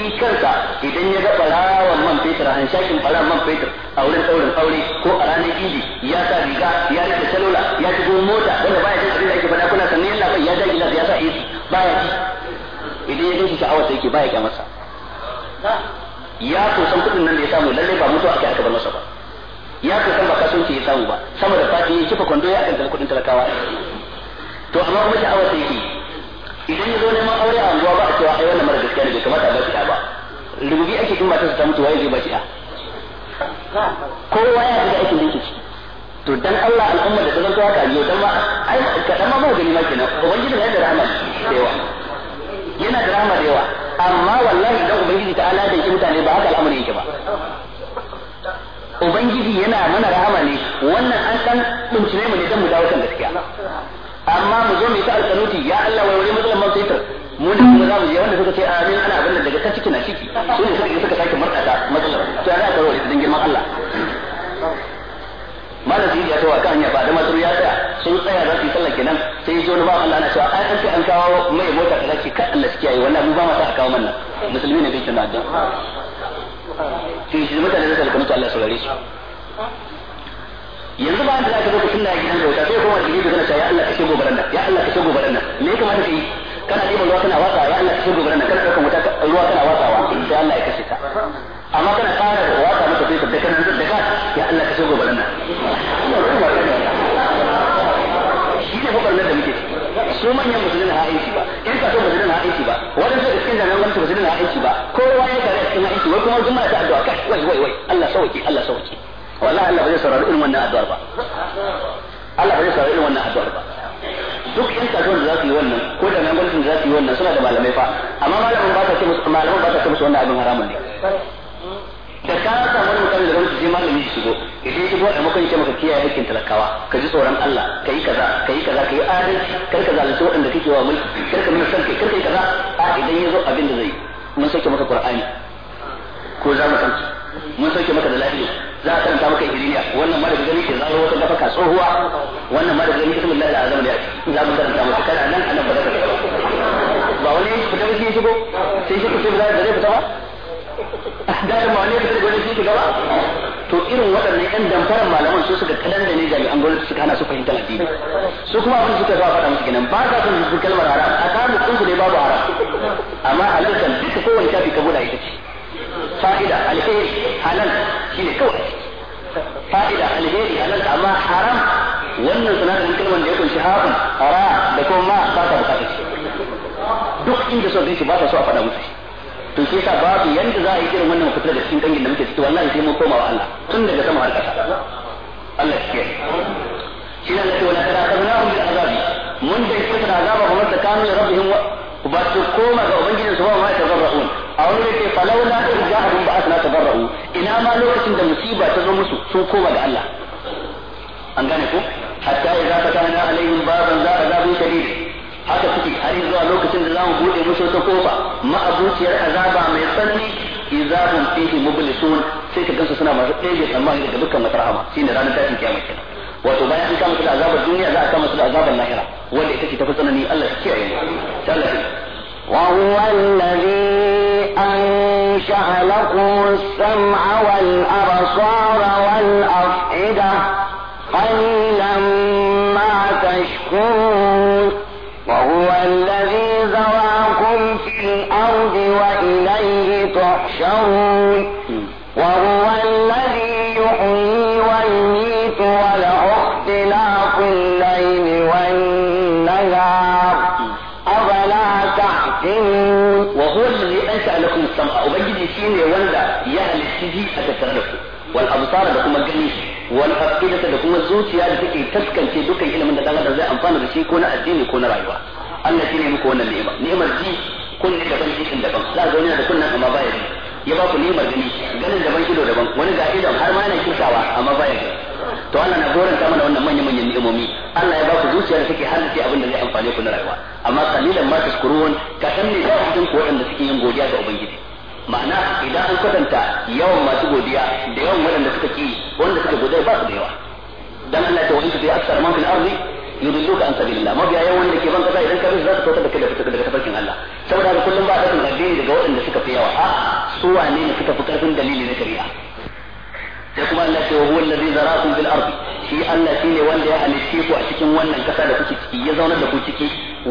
shi kansa idan ya ga barawan man fetur a hanshakin baran man fetur a wurin tsaurin aure ko a ranar idi ya sa riga ya rike salula ya shigo mota wanda baya jin abin da ake faɗa kuna sannan yana bai ya ja gilas ya sa AC baya ji idan ya gaishe sha'awar da yake baya kyamarsa ya kusan kuɗin nan da ya samu lallai ba mutuwa aka aka bar masa ba ya kusan ba kasuwanci ya samu ba sama da fati ya kifa kwando ya kankar kuɗin talakawa to amma kuma sha'awar da yake idan ya zo neman aure a cewa ai wannan mara gaskiya ne bai kamata a ba shi ba rububi ake in matarsa ta mutu waye zai ba shi ɗa kowa ya ji da aikin da to dan Allah al'umma da ta zanto haka yau dan ma ai kadan ma ba gani ma kenan ubangiji ne da rahama da yawa yana da rahama da yawa amma wallahi dan ubangiji ta ala da yake mutane ba haka al'amari yake ba ubangiji yana mana rahama ne wannan an san bincine mu ne dan mu dawo kan gaskiya amma mu zo mu yi ta alkanuti ya Allah wai wani matsalan man fitar mu da kuma zamu je wanda suka ce amin ana abin da daga ta ciki na ciki su ne suka suka sake markata matsalar to za ka rawaita dan girman Allah malam sai ya tawa kan hanya ba da masu ya tsaya sun tsaya za su yi sallah kenan sai ya ji wani bawan Allah na cewa ai an ce an kawo mai mota ta ce ka Allah suke yi wannan mu ba ma sa a kawo mana musulmi ne bai kina addan sai shi mutane da suka mutu Allah saurare su yanzu ba da za ka zo ka sunna gidan da wuta sai kuma da gidan da ya Allah kashe gobaran nan ya Allah kashe gobaran nan me ya kamata ka yi kana ɗiban ruwa kana watsawa ya Allah cikin dogara na kana ka wuta ruwa kana watsawa sai Allah ya kashe ka amma kana fara watsa masa sai da kan da ka ya Allah kashe gobe nan shi ne gobaran da muke su manyan ba su dana ba in ka so ba su dana ba wajen so iskin zanen gwamnati ba su dana aiki ba kowa ya tare a cikin aiki wai kuma juma'a ta addu'a kai wai wai wai Allah sauki Allah sauki wallahi Allah ba zai saurari irin wannan addu'ar ba Allah ba zai saurari irin wannan addu'ar ba duk yan kasuwar da za su yi wannan ko da nan gwamnatin za su yi wannan suna da malamai fa amma malamin ba ta ce musu malamin ba ta ce musu wannan abin haramun ne da ka samu wani mutane da gwamnati je malami shi zo idan ya shigo a makon ce maka kiyaye hakkin talakawa ka ji tsoron Allah ka yi kaza ka yi kaza ka yi adalci kar ka zalunci waɗanda kake wa mulki kar ka nuna kai kar ka yi kaza a idan ya zo abin da zai mun sake maka Qur'ani ko za mu san mun sauke maka da lafiya za a karanta maka injiniya wannan ma gani ke zaro wata gafaka tsohuwa wannan ma daga gani ke samun azam da za mu karanta maka kada nan anan ba za ba wani fita ba shi shigo sai shi kuce ba da zai fita ba dalin ma wani ya fita gwani shi shiga ba to irin waɗannan yan damfara malaman su suka kadan da ne jami'an gwamnati suka hana su fahimtar addini su kuma abin suka zuwa faɗa musu kenan ba sa son su kalmar haram a kamun ɗinsu ne babu haram amma a halartar duka kowane shafi ka buɗa ita ce fa'ida alheri halal shi shine kawai fa'ida alheri halal amma haram wannan sanadin kalmar da ya kunshi ha'un ra da kuma ma ba ta bukata duk inda so gaishe ba ta so a faɗa musu to shi yasa babu yanda za a yi irin wannan fitar da cikin dangin da muke ciki wallahi sai mun koma wa Allah tun daga sama har ƙasa Allah shi shi ne Allah ya wala kada kana hum bil azabi mun da suka azaba kuma da kanu rabbihim ba su koma ga ubangijin su ba ma tabarra'un a wani yake falawla in abin ba asna tabarra'u ina ma lokacin da musiba ta zo musu sun koma ga Allah an gane ko hatta idza fatana alaihim baban za azabun shadid haka suke har zuwa lokacin da zamu bude musu ta kofa ma'abuciyar azaba mai tsanani idza hum fihi mublisun sai ka gansu suna masu ɗaya tsammani da dukkan wata rahama shine ranar tashin kiyama kenan wato bayan an kama su da azabar duniya za a kama su da azabar lahira wanda ita ce ta fi tsanani Allah ya kiyaye mu وهو الذي أنشأ لكم السمع والأبصار والأبصار وهو الذي أنشأ لكم السمع وبجد شيء وندا يهل السجي أتترك والأبصار لكم الجني والأفئدة لكم الزوجية لكي تسكن في دكي إلى من تدغل زي أنفان بشي كون الدين يكون رأيوا Allah shi ne muku wannan ni'ima ni'imar ji kunne daban jikin daban za ga wani da kunnen amma baya ji ya ba ku ni'imar gani ganin daban ido daban wani ga idon har ma yana kirkawa amma baya gani to Allah na goranta mana wannan manyan manyan ni'imomi Allah ya ba ku zuciya da take halitta abin da zai amfane ku na rayuwa amma kalilan ma tashkurun ka san ne da cikin ku waɗanda suke yin godiya ga ubangiji ma'ana idan an kwatanta yawan masu godiya da yawan waɗanda suka ki wanda suka godiya ba su da yawa dan Allah ta wa'in fi aksar man fil ardi yudilluka an sabilillah mabiya yawan da ke ban kaza idan ka bi za su kautar da kai daga tafarkin Allah saboda kullum ba a dakin addini daga waɗanda suka fi yawa a su wane ne suka fi karfin dalili na shari'a sai kuma Allah ce huwa allazi zarakum fil ardi shi Allah shine wanda ya halicce ku a cikin wannan kasa da kuke ciki ya zauna da ku ciki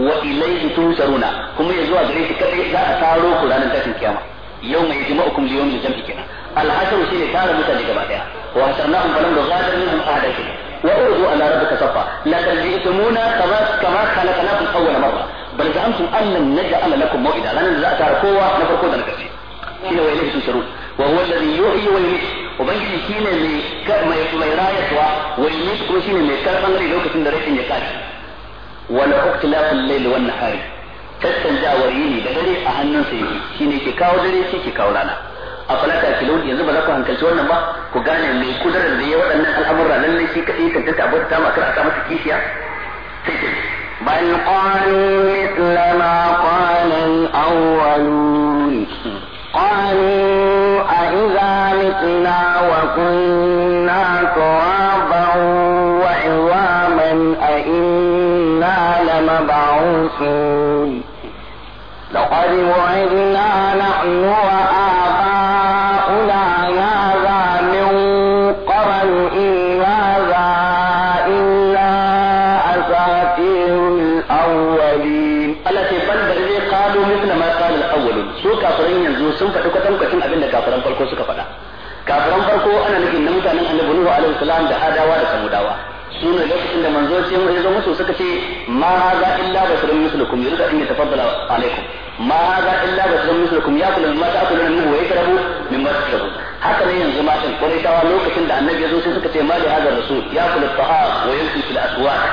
wa ilayhi tusharuna kuma ya zuwa gare shi kadai za a taro ku ranar tashin kiyama yawma yajma'ukum li yawmil jam'i kenan al-hasru shine tara mutane gaba daya wa hasarnahum falam nughadir minhum ahada وعرضوا على ربك صفا لقد جئتمونا كما كما خلقناكم اول مره بل زعمتم ان لن نجعل لكم موعدا لن نزعت على قوه نفرقوا ذلك شيء وإليه تنشرون وهو الذي يحيي ويميت ubangiji shine mai mai rayatwa wai ne kuma shine mai karban rai lokacin da rashin ya kaci wala uktilafin layl wan nahari tattanjawar yini da dare a hannun sa yake shine ke kawo dare shi ke kawo rana a falaka kilon yanzu ba za ku hankalci wannan ba ku gane mai kudarar da ya waɗannan al'amura lallai shi kaɗai kan tanta abin ta makar a sa masa kishiya بل قالوا مثل ما قال الأولون قالوا أإذا متنا وكنا ترابا وعظاما أإنا لمبعوثون لقد وعدنا نحن kafiran farko suka faɗa kafiran farko ana nufin na mutanen annabi nuhu alaihi salam da adawa da samudawa su ne lokacin da manzo ce ya zo musu suka ce ma haza illa basirun mislukum yuridu an yatafaddala alaikum ma haza illa basirun mislukum yakulu mimma ta'kuluna minhu wa min mimma tashrabu haka ne yanzu ma kwarai tawa lokacin da annabi ya zo sai suka ce ma li hadha rasul ya at-tahar wa yamshi fil aswaq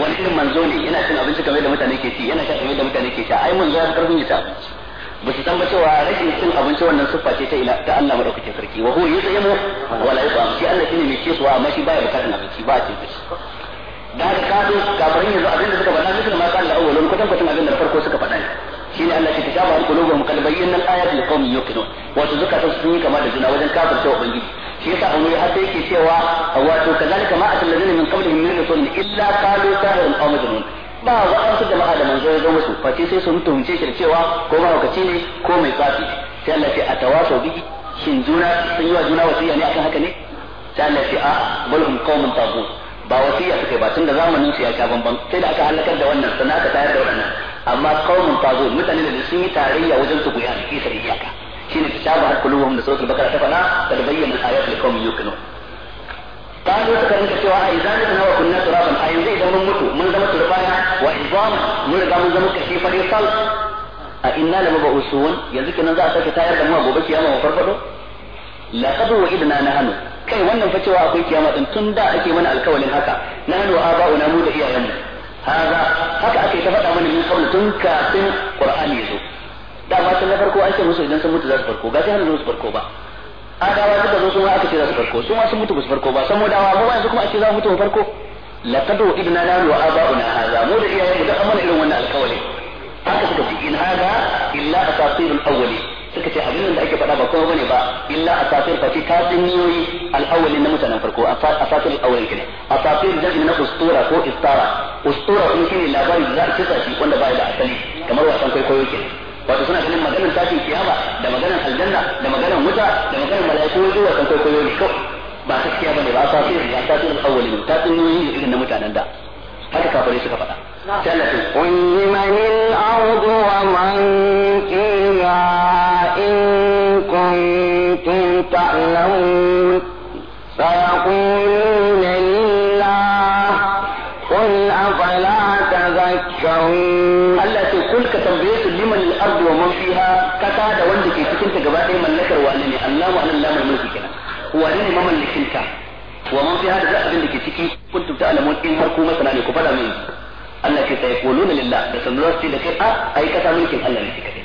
wani irin manzo ne yana cin abinci kamar da mutane ke ci yana sha kamar da mutane ke sha ai manzo ya karfin ya ci abinci ba su san ba cewa rashin cin abinci wannan siffa ce ta ila ta Allah madaukakin sarki wa huwa yusaimu wa la yusam shi Allah shine mai cewa amma shi baya bukatun abinci ba a cin da haka kado kafarin yanzu abin da suka faɗa mutum ma kan al-awwalun kutan kutan abin da farko suka faɗa shi ne Allah ke tashaba an kulubu mu kalbayyin nan ayat li qaumin yuqinun wato zakata sun yi kama da juna wajen kafirta ubangiji shi yasa an yi hadda yake cewa wato kazalika ma atal ladina min qablihim min rasulin illa qalu sahirun aw majnun ba wa'ansu jama'a da manzo ya zo musu face sai sun tumce shi da cewa ko mahaukaci ne ko mai tsafi sai Allah ya atawasau bihi shin juna sun yi wa juna wasiya ne akan haka ne sai Allah ya a balhum qaumun tabu ba wasiya suka ba tun da zamanin su ya sha bamban sai da aka halakar da wannan sannan ka tayar da wannan amma qaumun tabu mutane da sun yi tarayya wajen su guya ne sai iyaka shine tashabu har kuluhum da suratul bakara ta fada da bayyana ayatu liqaumin yuqinun kalu suka rinka cewa a idan da nawa kunna turaban a yanzu idan mun mutu mun zama turbana wa idan mun riga mun zama kashi fari sal a inna lam ba'usun yanzu kenan za a sake tayar da mu gobe kiyama wa farfado laqad wajidna kai wannan fa cewa akwai kiyama din tun da ake mana alkawalin haka nahnu aba'una mu da iyayenmu haza haka ake ta faɗa mana min kawai tun kafin qur'ani yazo da ma tun na farko an musu idan sun mutu za su farko ga sai hannu su farko ba adawa suka zo su aka ce za su farko su ma sun mutu ba su farko ba san mu dawa ba yanzu kuma a ce za mu mutu farko laqad wa'idna nahnu wa aba'una hadha mu da iyayen mu da amana irin wannan alƙawari haka suka ce in hada illa asatirul awwali suka ce abin da ake faɗa ba kowa bane ba illa asatir fa ta tsinniyoyi al-awwali na mutanen farko asatir al-awwali kine asatir da na ustura ko istara ustura in shine labari da za a kisa shi wanda ba da asali kamar wasan kwaikwayo kenan wato suna ganin maganar tashin kiyama da maganar aljanna da maganar wuta da maganar mala'iku zuwa kan kwaikwayo ne kawai ba gaskiya ne ba a fi ba ta fi alawali ne ta tun yi irin na mutanen da haka kafare suka faɗa sai Allah ya qul al-ardu wa man fiha kasa da wanda ke cikin ta gaba ɗaya mallakar wani ne Allah wa anan lamar mulki kenan wani ne mamallakin ta wa man fiha da abin da ke ciki kuntum ta'lamun in har ku masana ne ku fada min Allah ke sai quluna lillah da sanin rasu da kai a ai kasa mulkin Allah ne shi kadai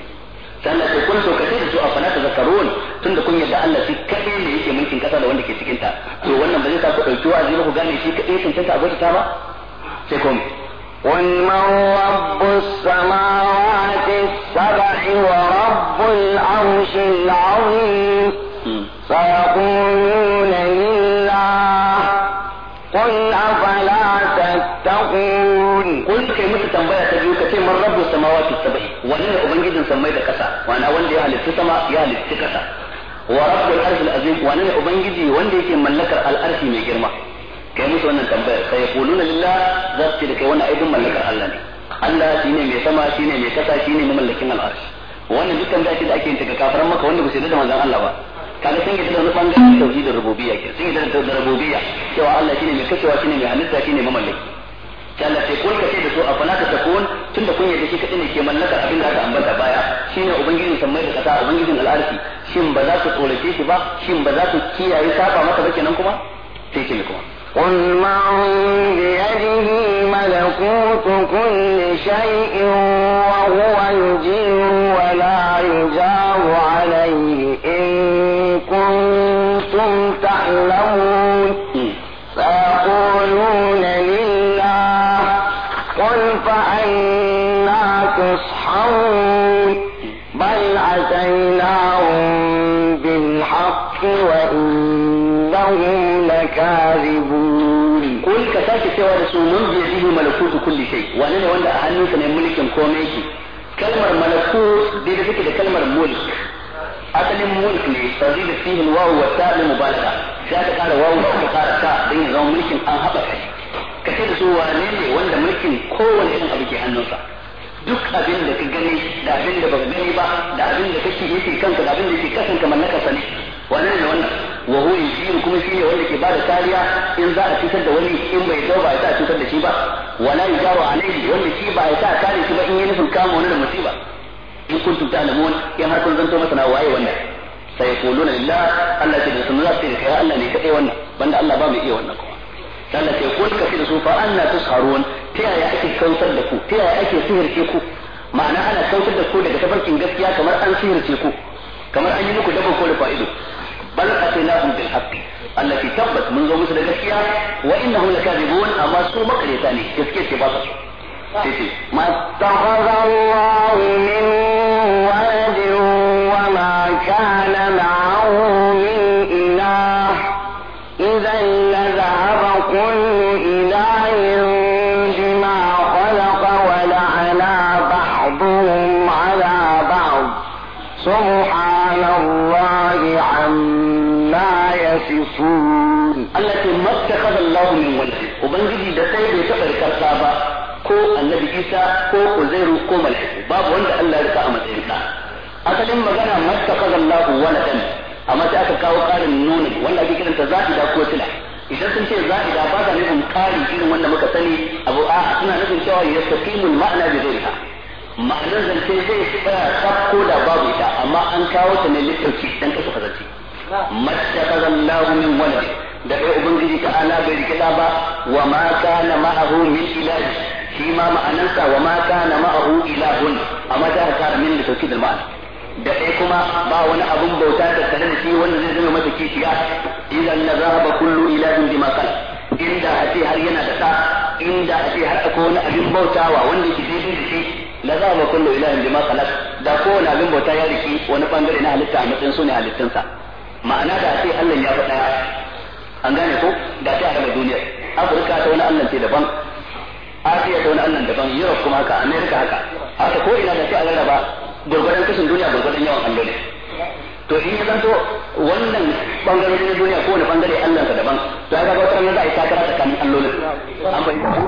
sai Allah sai kun sauka sai da su a fana ta tunda kun yarda Allah shi kadai ne yake mulkin kasa da wanda ke cikin ta to wannan ba zai sa ku dauki wa'azi ba ku gane shi kadai sun tanta abota ta ba sai kuma قل من رب السماوات السبع ورب العرش العظيم سيقولون لله قل أفلا تتقون قل كي متى تنبأ تجيو كتير من رب السماوات السبع وانا أبنجد سميت كسا وانا وانا يهلت سما يهلت كسا wa rabbul arshil azim wannan ubangiji wanda yake mallakar al'arshi mai girma kai musu wannan tambayar sai ya kuluna lillah za su ce da kai wannan aibin mallakar Allah ne Allah shine mai sama shine mai kasa shine mamallakin al'arsh wannan dukkan da da ake yin ga kafaran maka wanda ba su da manzon Allah ba kaga sun yi da wani bangaren tauhidin rububiyya ke sun yadda da rububiyya cewa Allah shine mai kashewa shine mai halitta shine mamallaki Allah sai kun kace da su a fala ta tun da kun yadda shi kadai ne ke mallakar abin da aka ambata baya shine ubangijin sammai da kasa ubangijin al'arshi shin ba za ku tsorace shi ba shin ba za ku kiyaye saba masa ba kenan kuma sai ke kuma قل من بيده ملكوت كل شيء وهو يجير ولا يجار عليه kulli shay wane ne wanda a hannunsa ne mulkin komai yake kalmar malaku dai da take da kalmar mulk asalin mulk ne tazida fihi alwawu wa ta'lu mubalaga sai aka kara wawu aka kara ta dan ya zama mulkin an haɓa shi ka ce da su wane ne wanda mulkin kowane irin abu ke hannunsa duk abin da ka gani da abin da ba gani ba da abin da kake yake kanka da abin da yake kasanka mallaka sa ne wannan ne wannan wa huwa yusiru kuma shine wanda ke bada kariya in za a cutar da wani in bai zo ba ya sa cutar da shi ba wala yujaru alaihi wanda shi ba ya sa kare shi ba in yi nufin kama wani da musiba in kuntum ta'lamun in har kun zanto masana waye wannan sai yaquluna lillah Allah ke da sunu za su kai Allah ne ka kadai wannan banda Allah ba mai iya wannan kuma Allah ke kun ka da su fa anna tusharun ta yaya ake kautar da ku ta yaya ake sihirce ku ma'ana ana kautar da ku daga tafarkin gaskiya kamar an sihirce ku kamar an yi muku dafa ko da fa'ido bal atainahum bil haqqi allati tabbat mun zo musu da gaskiya wa innahum lakadibun amma su makareta ne gaskiya ce ba su ma takhadha Allahu min walad taɓa rikar ba ko annabi isa ko uzairu ko malaiku babu wanda Allah ya rika a matsayin ɗa asalin magana mattaqallahu waladan amma sai aka kawo ƙarin nuni wanda ake kiranta za'ida ko tila idan sun ce za'ida ba ta nufin ƙari irin wanda muka sani abu a suna nufin cewa yastaqimul ma'ana bi ta. ma'anar zance zai tsaya sakko da babu ita amma an kawo ta ne littafi dan kasa kazanci mattaqallahu min waladin da dai ubangiji ta ala bai rikida ba wa ma na ma'ahu min ilahi shi ma ma'anansa wa ma na ma'ahu ilahun amma ta min da sauki da ma'ana da dai kuma ba wani abun bauta da tare da shi wanda zai zama masa kishiya idan za ba kullu ilahin bima qala inda a ce har yana da ta inda a ce har akwai wani abin bautawa wanda ke zai da shi la ba kullu ilahin bima qala da kowane abin bauta ya riki wani bangare na halitta a matsayin sunan halittunsa ma'ana da ce Allah ya faɗa an gane ko da ta haɗa duniyar afirka ta wani allah ce daban asiya ta wani allah daban europe kuma haka amerika haka haka ko ina da ta a ba gurgurdan kashin duniya gurgurdan yawan allo to in ya zanto wannan bangarori na duniya ko wani bangare allah ta daban to haka ga wata za a yi takara tsakanin allolin an fahimta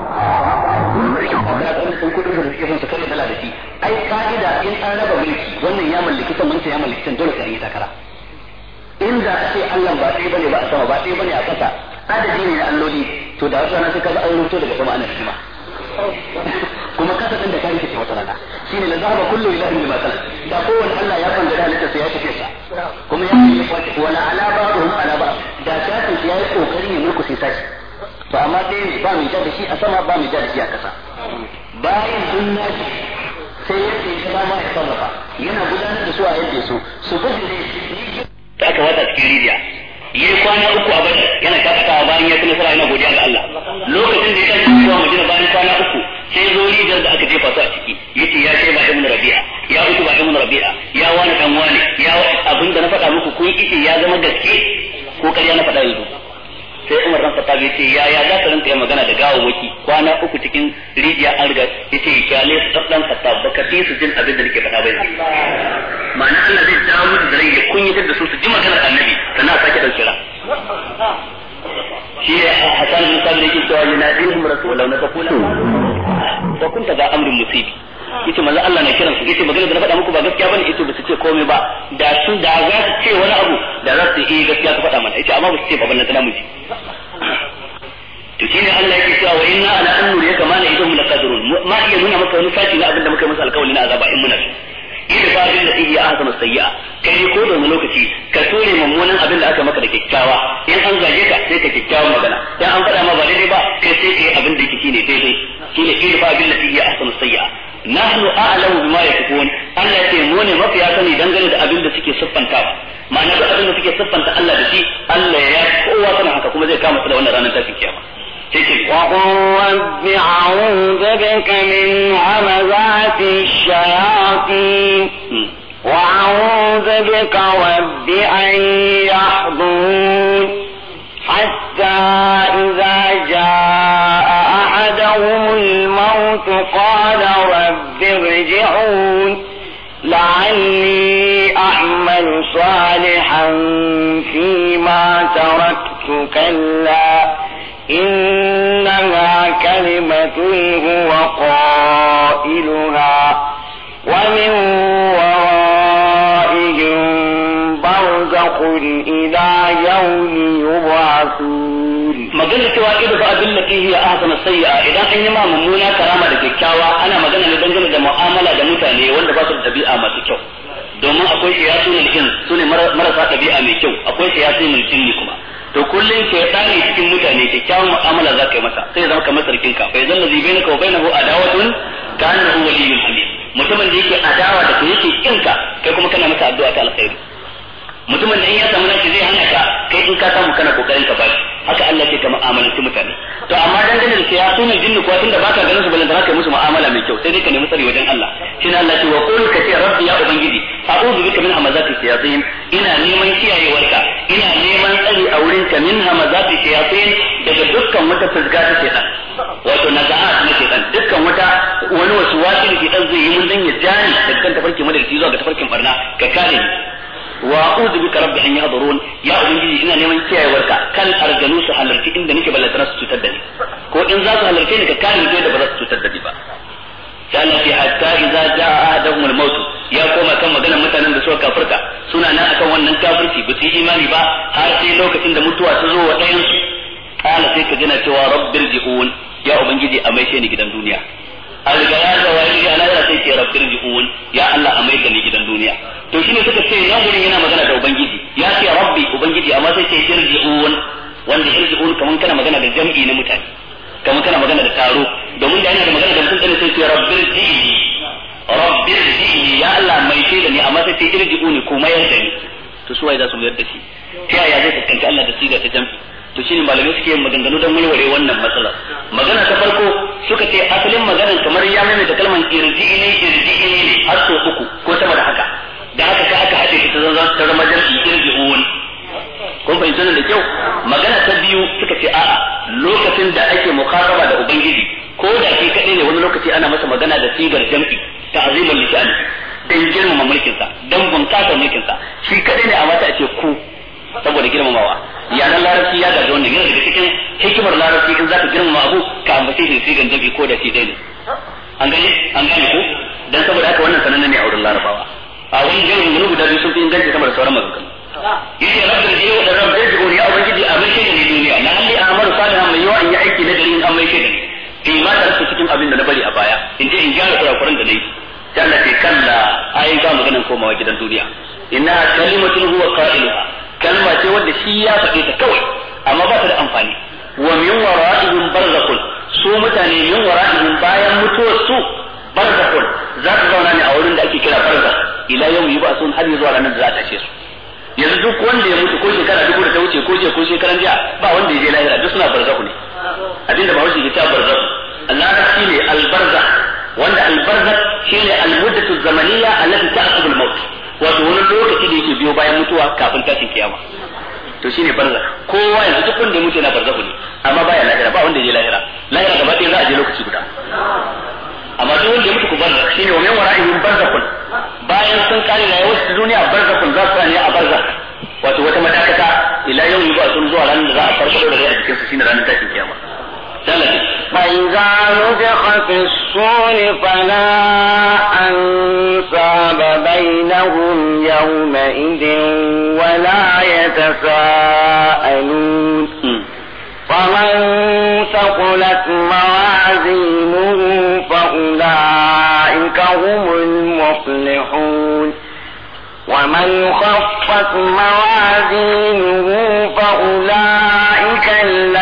ko sun kudin da suke son su kare dala da shi ai ka'ida in an raba mulki wannan ya mallaki san wancan ya mallaki san dole sai ya yi takara inda a ce Allah ba ɗaya bane ba a sama ba ɗaya bane a ƙasa adadi ne na alloli to da wasu rana sai an rubuto daga sama ana ma kuma kasa ɗin da ka rikice wata rana ne na zahaba kullu ilahin bima kana da kowanne Allah ya fanda da halitta sai ya tafi sa kuma ya yi kwace wala ala ba'dhum ala ba'd da shafin ya yi kokari ne mulku sai sashi to amma ɗaya ne ba mu ja da shi a sama ba mu ja da shi a ƙasa bayan sun nashi sai shi ba ma ya sarrafa yana gudanar da su a yadda su su gudu ne da aka wata cikin rijiya ya yi kwana uku a bada yana shakatawa bayan ya kuma sara yana godiya ga Allah lokacin da ya tashi zuwa Madina bayan kwana uku sai zo rijiyar da aka jefa su a ciki ce ya kai ba ibn Rabi'a ya uku ba ibn Rabi'a ya wani dan wani ya abin da na faɗa muku kun ice ya zama gaske ko ƙarya na faɗa yanzu sai Umar dan fata yace ya ya za ka rinka yin magana da gawawaki kwana uku cikin rijiya an riga yace kyale su dan Khattab ba ka su jin abin da nake faɗa bai ma'ana Allah zai dawo da rai ya kunyatar da su su ji maganar Annabi sannan sake dauke ra shi Hassan bin Sabir yake cewa yunadihum rasuluna fa kula wa kunta ga amrin musibi yace manzo Allah na kiransu yace magana da na faɗa muku ba gaskiya bane yace ba su ce komai ba da su da za su ce wani abu da za su yi eh, gaskiya su faɗa mana yace amma ba su ce ba banna tana miji to shine Allah yake cewa wa inna ala an nuriyaka na idan idhum laqadirun ma iya nuna maka wani sashi na abinda muka yi masa alƙawari na azaba in muna abin da lati hiya ahsanu sayya kai ko da lokaci ka tore mummunan abin da aka maka da kikkiawa in an zage ka sai ka kikkiawan magana in an faɗa ma ba daidai ba kai sai yi abin da kike ne daidai shine abin da lati hiya ahsanu sayya nahnu a'lamu bima yakfun Allah ya ce mu ne mafiya sani dangane da abin da suke siffantawa ma'ana duk abin da suke siffanta Allah da shi Allah ya kowa sana haka kuma zai kama su da wannan ranar tafi kiyama وقل رب أعوذ بك من همزات الشياطين وأعوذ بك رب أن يحضرون حتى إذا جاء وعدهم الموت قال رب ارجعون لعلي أعمل صالحا فيما تركت كلا إنها كلمة هو قائلها ومن ورائهم برزق إلى يوم يبعثون magana cewa idu ba abin da a ahsana sayya idan an yi ma mummuna karama da kyakkyawa ana magana ne dangane da mu'amala da mutane wanda ba su da dabi'a masu kyau domin akwai shayatunul su ne marasa dabi'a mai kyau akwai shayatunul jinni kuma to kullum ke tsani cikin mutane kyakkyawan mu'amala za ka yi masa sai zama kamar sarkin ka bai zanna zibe na ka bai na hu adawatun kana annahu waliyyun hamid mutumin da yake adawa da kai yake kinka kai kuma kana masa addu'a ta alkhairi mutumin da in ya samu nashi zai hana ka kai in ka samu kana kokarin ka bashi haka Allah ke kama amalanci mutane to amma dangane da ya sunan jinni kuwa tunda baka ganin su balantana kai musu mu'amala mai kyau sai dai ka nemi tsari wajen Allah shine Allah ce wa qul ka ce rabbi ya ubangiji a'udhu bika min hamazati shayatin ina neman kiyayewarka ina neman tsari a wurin ka min hamazati shayatin daga dukkan wata fizga ta shedan wato naza'at na shedan dukkan wata wani wasu wasi da shedan zai yi mun dan ya jani daga kan tafarkin madalci zuwa ga tafarkin barna ka kare wa a'udhu bika rabbi an yahdurun ya ubangiji ina neman kiyayewarka kan arganu su halarci inda nake tana su cutar da ni ko in za su halarce ni ka kare ni da ba za su cutar da ni ba ya Allah fi hatta idza jaa ahaduhum al-maut ya koma kan maganar mutanen da suka kafirta suna nan akan wannan kafirci ba su yi imani ba har sai lokacin da mutuwa ta zo wa dayan su kana sai ka gina cewa rabbir ji'un ya ubangiji a maishe ni gidan duniya a riga ya zawa ya riga lahira sai ke rabbir ji'un ya Allah a maida ne gidan duniya to shine suka ce nan gurin yana magana da ubangiji ya ce rabbi ubangiji amma sai ce irji'un wanda irji'un kaman kana magana da jam'i na mutane kaman kana magana da taro domin da yana da magana da mutum ɗin sai ce rabbir ji'i rabbir ji'i ya Allah mai ce da ni amma sai ce irji'un ko mayar da ni to su waye za su mayar da shi ta yaya zai fuskanci Allah da siga ta jam'i to shine malamai suke yin maganganu don murware wannan matsalar magana ta farko suka ce asalin maganar kamar ya mai da kalmar irji'i ne irji'i ne har so uku ko sama da haka da haka ka aka haɗe ta zama ta zama jarfi irji'un kun fahimta da kyau magana ta biyu suka ce a'a lokacin da ake mukaraba da ubangiji ko da ke kaɗai ne wani lokaci ana masa magana da sigar jam'i ta azimar lisani dan girmama mulkinsa dan bunƙasa mulkinsa shi kaɗai ne a mata a ce ku saboda girmamawa yaran larabci ya gaji wannan yana daga cikin hikimar larabci in ka girmama abu ka ambace shi sai ganjabi ko da shi dai ne an gani an gani ko dan saboda haka wannan sananne ne a wurin larabawa a wani gani mun guda biyu sun fi inganci sama da sauran mazan yace da jiyo da rabbul jiyo ya ubangiji a bashi da duniya na halli amaru salihan mai yawa in yi aiki na gari in an mai shi in ma ta rasu cikin abin da na bari a baya in je in gyara kurakuran da yi ta Allah ce kalla ayin ga ganin komawa gidan duniya inna kalimatun huwa qa'ilu shi ya faɗe ta kawai amma ba ta da amfani wa min wara'ihim barzakhun su mutane min wara'ihim bayan mutuwar su barzakhun za su zauna ne a wurin da ake kira barzakh ila yau yi ba sun har zuwa ranar da za ta ce su yanzu duk wanda ya mutu ko shekara dubu da ta wuce ko ko shekaran jiya ba wanda ya je lahira duk suna barzakhu ne abinda ba wuce ke ta barzakhu Allah ne albarzakh wanda albarzakh shine almuddatu zamaniyya allati ta'qub al wato wani lokaci da yake biyo bayan mutuwa kafin tashin kiyama to shine barza kowa yanzu duk wanda ya mutu yana barzahu ne amma baya lahira ba wanda ya lahira lahira gaba ɗaya za a je lokaci guda amma duk wanda ya mutu ku barza shine wa min barza kun. bayan sun kare rayuwar su duniya kun za su kare a barza wato wata madakata ila yau yi ba sun zuwa ranar da za a farfado da rai a jikinsu shine ranar tashin kiyama فإذا نفخ في الصور فلا أنصاب بينهم يومئذ ولا يتساءلون فمن ثقلت موازينه فأولئك هم المفلحون ومن خفت موازينه فأولئك الذين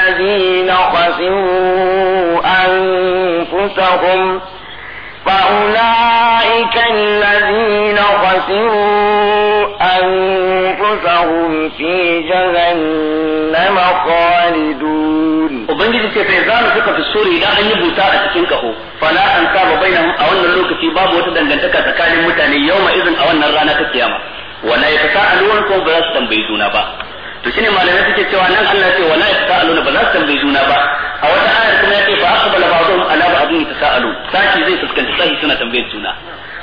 خسروا أنفسهم فأولئك الذين خسروا أنفسهم في جهنم خالدون وبنجد في فيزان suka في السوري لا أن يبوتا أتكين كهو فلا أنساب بينهم أولا لوك في باب وتدن لنتك تكالي متاني يوم إذن أولا رانا كتياما ولا يتساءلون كون بلاس تنبيدون با to shine malamai suke cewa nan Allah ce wala yasaluna ba za su tambayi juna ba a wata ayar kuma yake fa aqbala ba'dhum ala ta tasalu saki zai fuskanci sai suna tambayar juna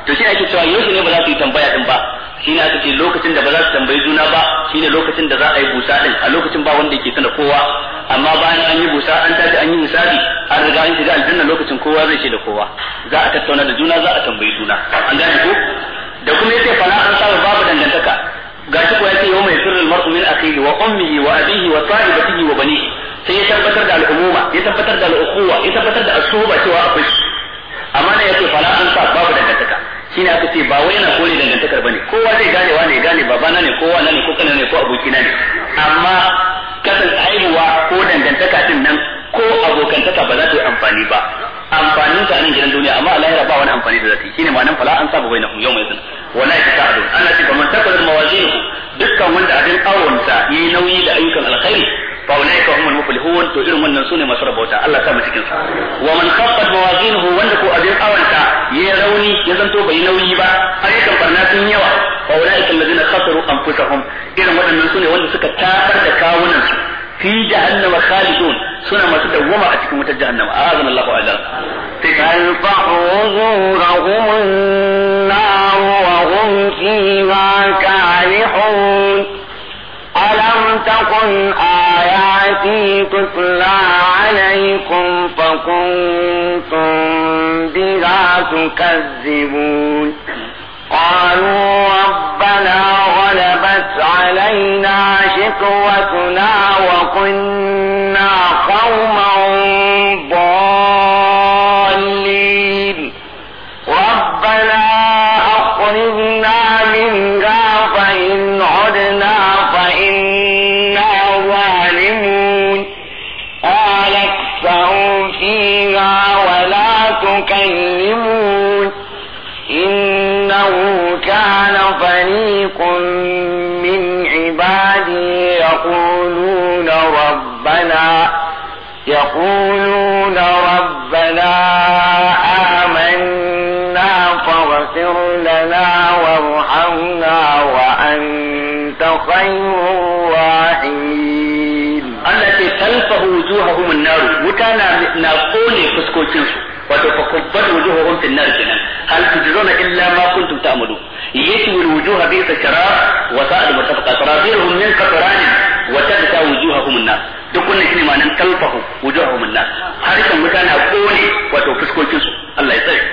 to shine ake cewa yau ne ba za su yi tambaya din ba shine ake ce lokacin da ba za su tambayi juna ba shine lokacin da za a yi busa din a lokacin ba wanda yake sana kowa amma bayan an yi busa an tafi an yi misali an riga an shiga aljanna lokacin kowa zai ce da kowa za a tattauna da juna za a tambayi juna an gane ko da kuma yace fala an sa babu dangantaka gashi ko yace yawma yasirru al-mar'u min akhihi wa ummihi wa abihi wa sahibatihi wa banihi sai ya tabbatar da al-umuma ya tabbatar da al-ukhuwa ya tabbatar da asuba suhba cewa akwai amma ne yace fala an sa babu dangantaka shine aka ce ba wai yana kore dangantakar bane kowa zai gane wa ne gane babana ne kowa na ne ko kana ne ko abokina ne amma kasan aibuwa ko dangantaka din nan ko abokantaka ba za ta yi amfani ba amfanin ta nan gidan duniya amma a lahira ba wani amfani da zai shine ma'anar fala an saba bainahum yawma idin wala yakadu ana ce kamar takwas mawazinuhu dukkan wanda abin awonta yi nauyi da ayyukan alkhairi fa ulaika humul muflihun to irin wannan sune masu rabauta Allah ta mu cikin sa wa man khaffat mawazinuhu wanda ko abin awonta yi rauni ya zanto bai nauyi ba ayyukan barna sun yawa fa ulaika alladhina khasaru anfusahum irin waɗannan sune wanda suka tabar da kawunan su fi jahannama khalidun suna masu dawwama a cikin wutar jahannama azan Allahu ajal تلفح وجوههم النار وهم فيها كالحون ألم تكن آياتي تتلى عليكم فكنتم بها تكذبون قالوا ربنا غلبت علينا شقوتنا وكنا قوما يقولون ربنا آمنا فاغفر لنا وارحمنا وأنت خير الراحمين التي تلفه وجوههم النار وكان نقول فسكوتين wato fa kubbat wujuhuhum fi an-nar kenan hal tujzuna illa ma kuntum ta'malun yashwi al-wujuh bi sakara wa sa'ad mutafaqa sarabiruhum ne wannan shine ma'anar talfahu wujuhahum an-nar harkan mutane a kone wato fuskokin su Allah ya tsare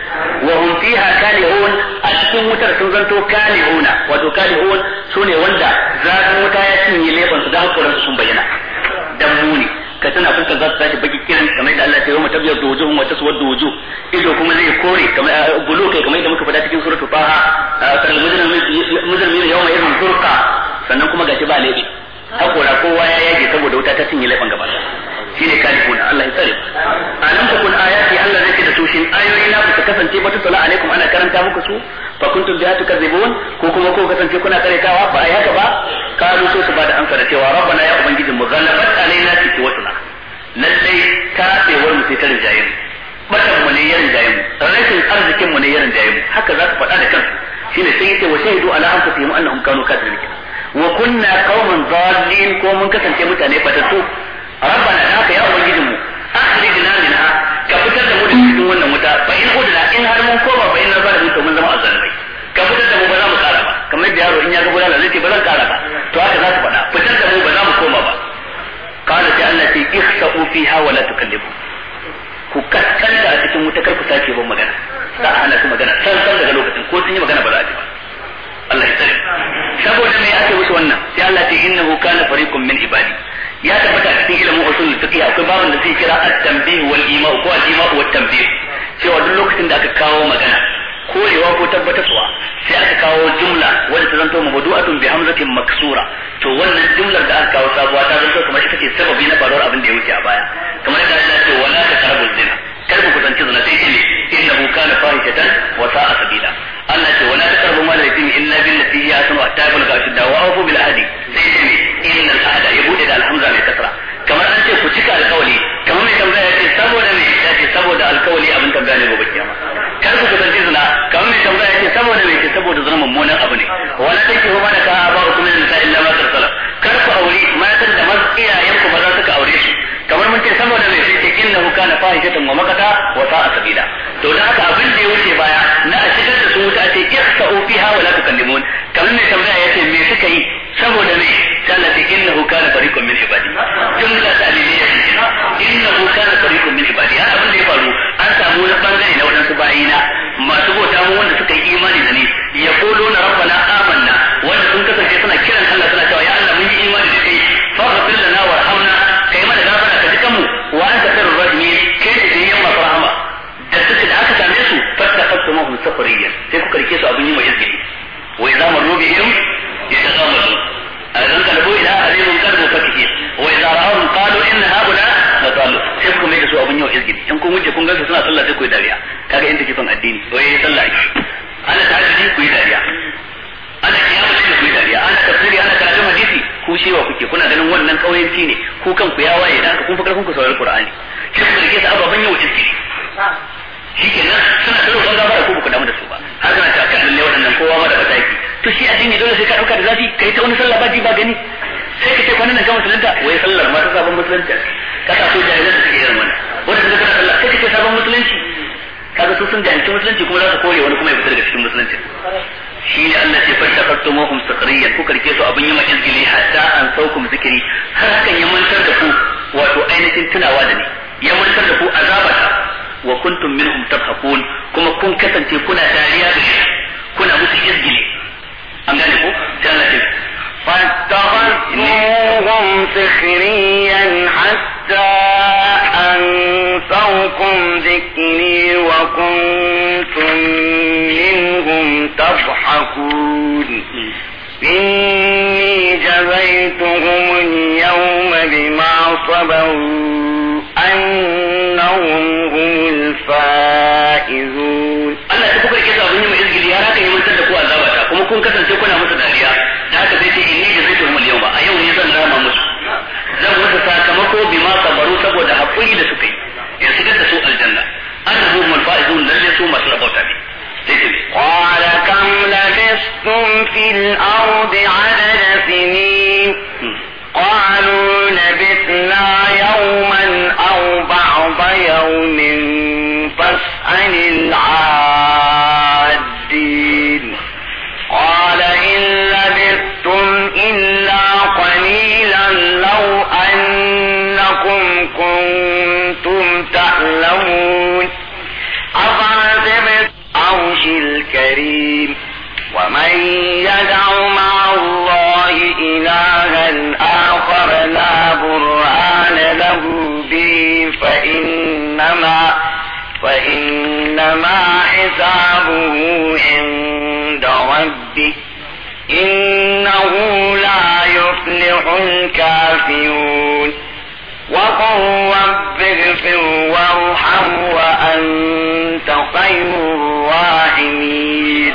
wa hum fiha kalihun a cikin wutar sun zanto wato wanda zafin wuta ya cinye leban su da hakoran sun bayyana dammu ne ka tana fuskar za su tashi baki kiran kamar da Allah ta yi wa ido kuma zai kore kamar ah, bulu kai kamar yadda muka cikin suratul faha ah, sannan kuma gashi ba laifi hakora kowa ya yage saboda wuta ta cinye laifin gaba shi ne kalifu na Allah ya tsare alam takun ayati Allah zai ce da su shin ayoyi na ba kasance ba tutula alaikum ana karanta muku su fa kuntum biha tukazibun ko kuma ko kasance kuna karetawa ba ai haka ba kalu so su ba da amsa da cewa rabbana ya ubangijin mu ghallabat alaina tikwatuna lallai kafewar mu sai ta rinjaye mu batan mu ne yarin jaye mu rashin arzikin mu ne yarin jaye mu haka za ka faɗa da kansu shine sai yace wa shahidu ala anfusihim annahum kanu kafirin wa kunna qauman dallin ko mun kasance mutane batatu rabbana da haka ya ubangijin mu akhrijna minha ka fitar da mu da cikin wannan wuta fa in udna in har mun क्या बात in kun wuce kun gansu suna sallah sai ku yi dariya kaga in take son addini wai yayi sallah ake ana tahajjudi ku yi dariya ana kiyama shi ku yi dariya ana tafsiri ana karatun hadisi ku shewa kuke kuna ganin wannan kauyanci ne ku ku ya waye dan kun fakar kun ku saurari qur'ani kin burge su ababan yau ke nan suna tsaro ban gaba da ku ku damu da su ba har kana ta kan ne wannan kowa ma da bataki to shi addini dole sai ka dauka da zafi kai ta wani sallah ba ji ba gani sai ka ce kwanan nan ga musulunta wai sallar ma ta sabon musulunta ka ta so jahilan da suke irin wannan wanda suka tana sallah kace sabon musulunci kaga su sun jahilci musulunci kuma za su kore wani kuma ya fita daga cikin musulunci shi ne Allah ce fasta fattumuhum sakariya ku karke su abin yi makin gili hatta an saukum zikiri har hakan ya mantar da ku wato ainihin tunawa da ni ya mantar da ku azabata wa kuntum minhum tadhakun kuma kun kasance kuna dariya da kuna musu izgili an gane ku sai Allah ce فاتخذتموهم سخريا حتى أنسوكم ذكري وكنتم منهم تضحكون إني جزيتهم اليوم بما صبروا أنهم هم الفائزون Allah ta kuka kisa abin mai izgili ya yi mantar da ku azaba kuma kun kasance kuna musu dariya da haka sai ce da zai tuhumar yau a yau ne zan rama musu zan musu sakamako bi خوی د سپی یا سید د سو الجنه ارجو من فائزون لن يسو مثل بوتامي قال كم لبثتم في الارض عدد سنين قالوا لبثنا وما حسابه عند ربه إنه لا يفلح الكافرون وقل رب اغفر وارحم وأنت خير الراحمين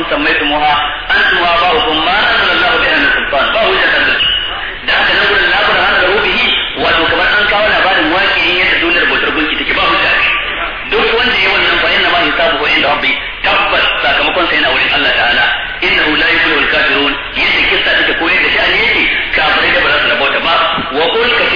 annakum sammaytumuha antum wa ba'ukum ma anzala Allahu biha min sultan ba hujja da da haka nan gurin labar hana da rubihi wato kamar an kawo labarin waki ne yadda dunar bautar gunki take ba hujja duk wanda ya wannan fa inna ma hisabuhu inda rabbi tabbas sakamakon sa yana wurin Allah ta'ala innahu la yuflihul kafirun yadda kissa take koyar da shi ne yake kafirai da ba za su rabauta ba wa qul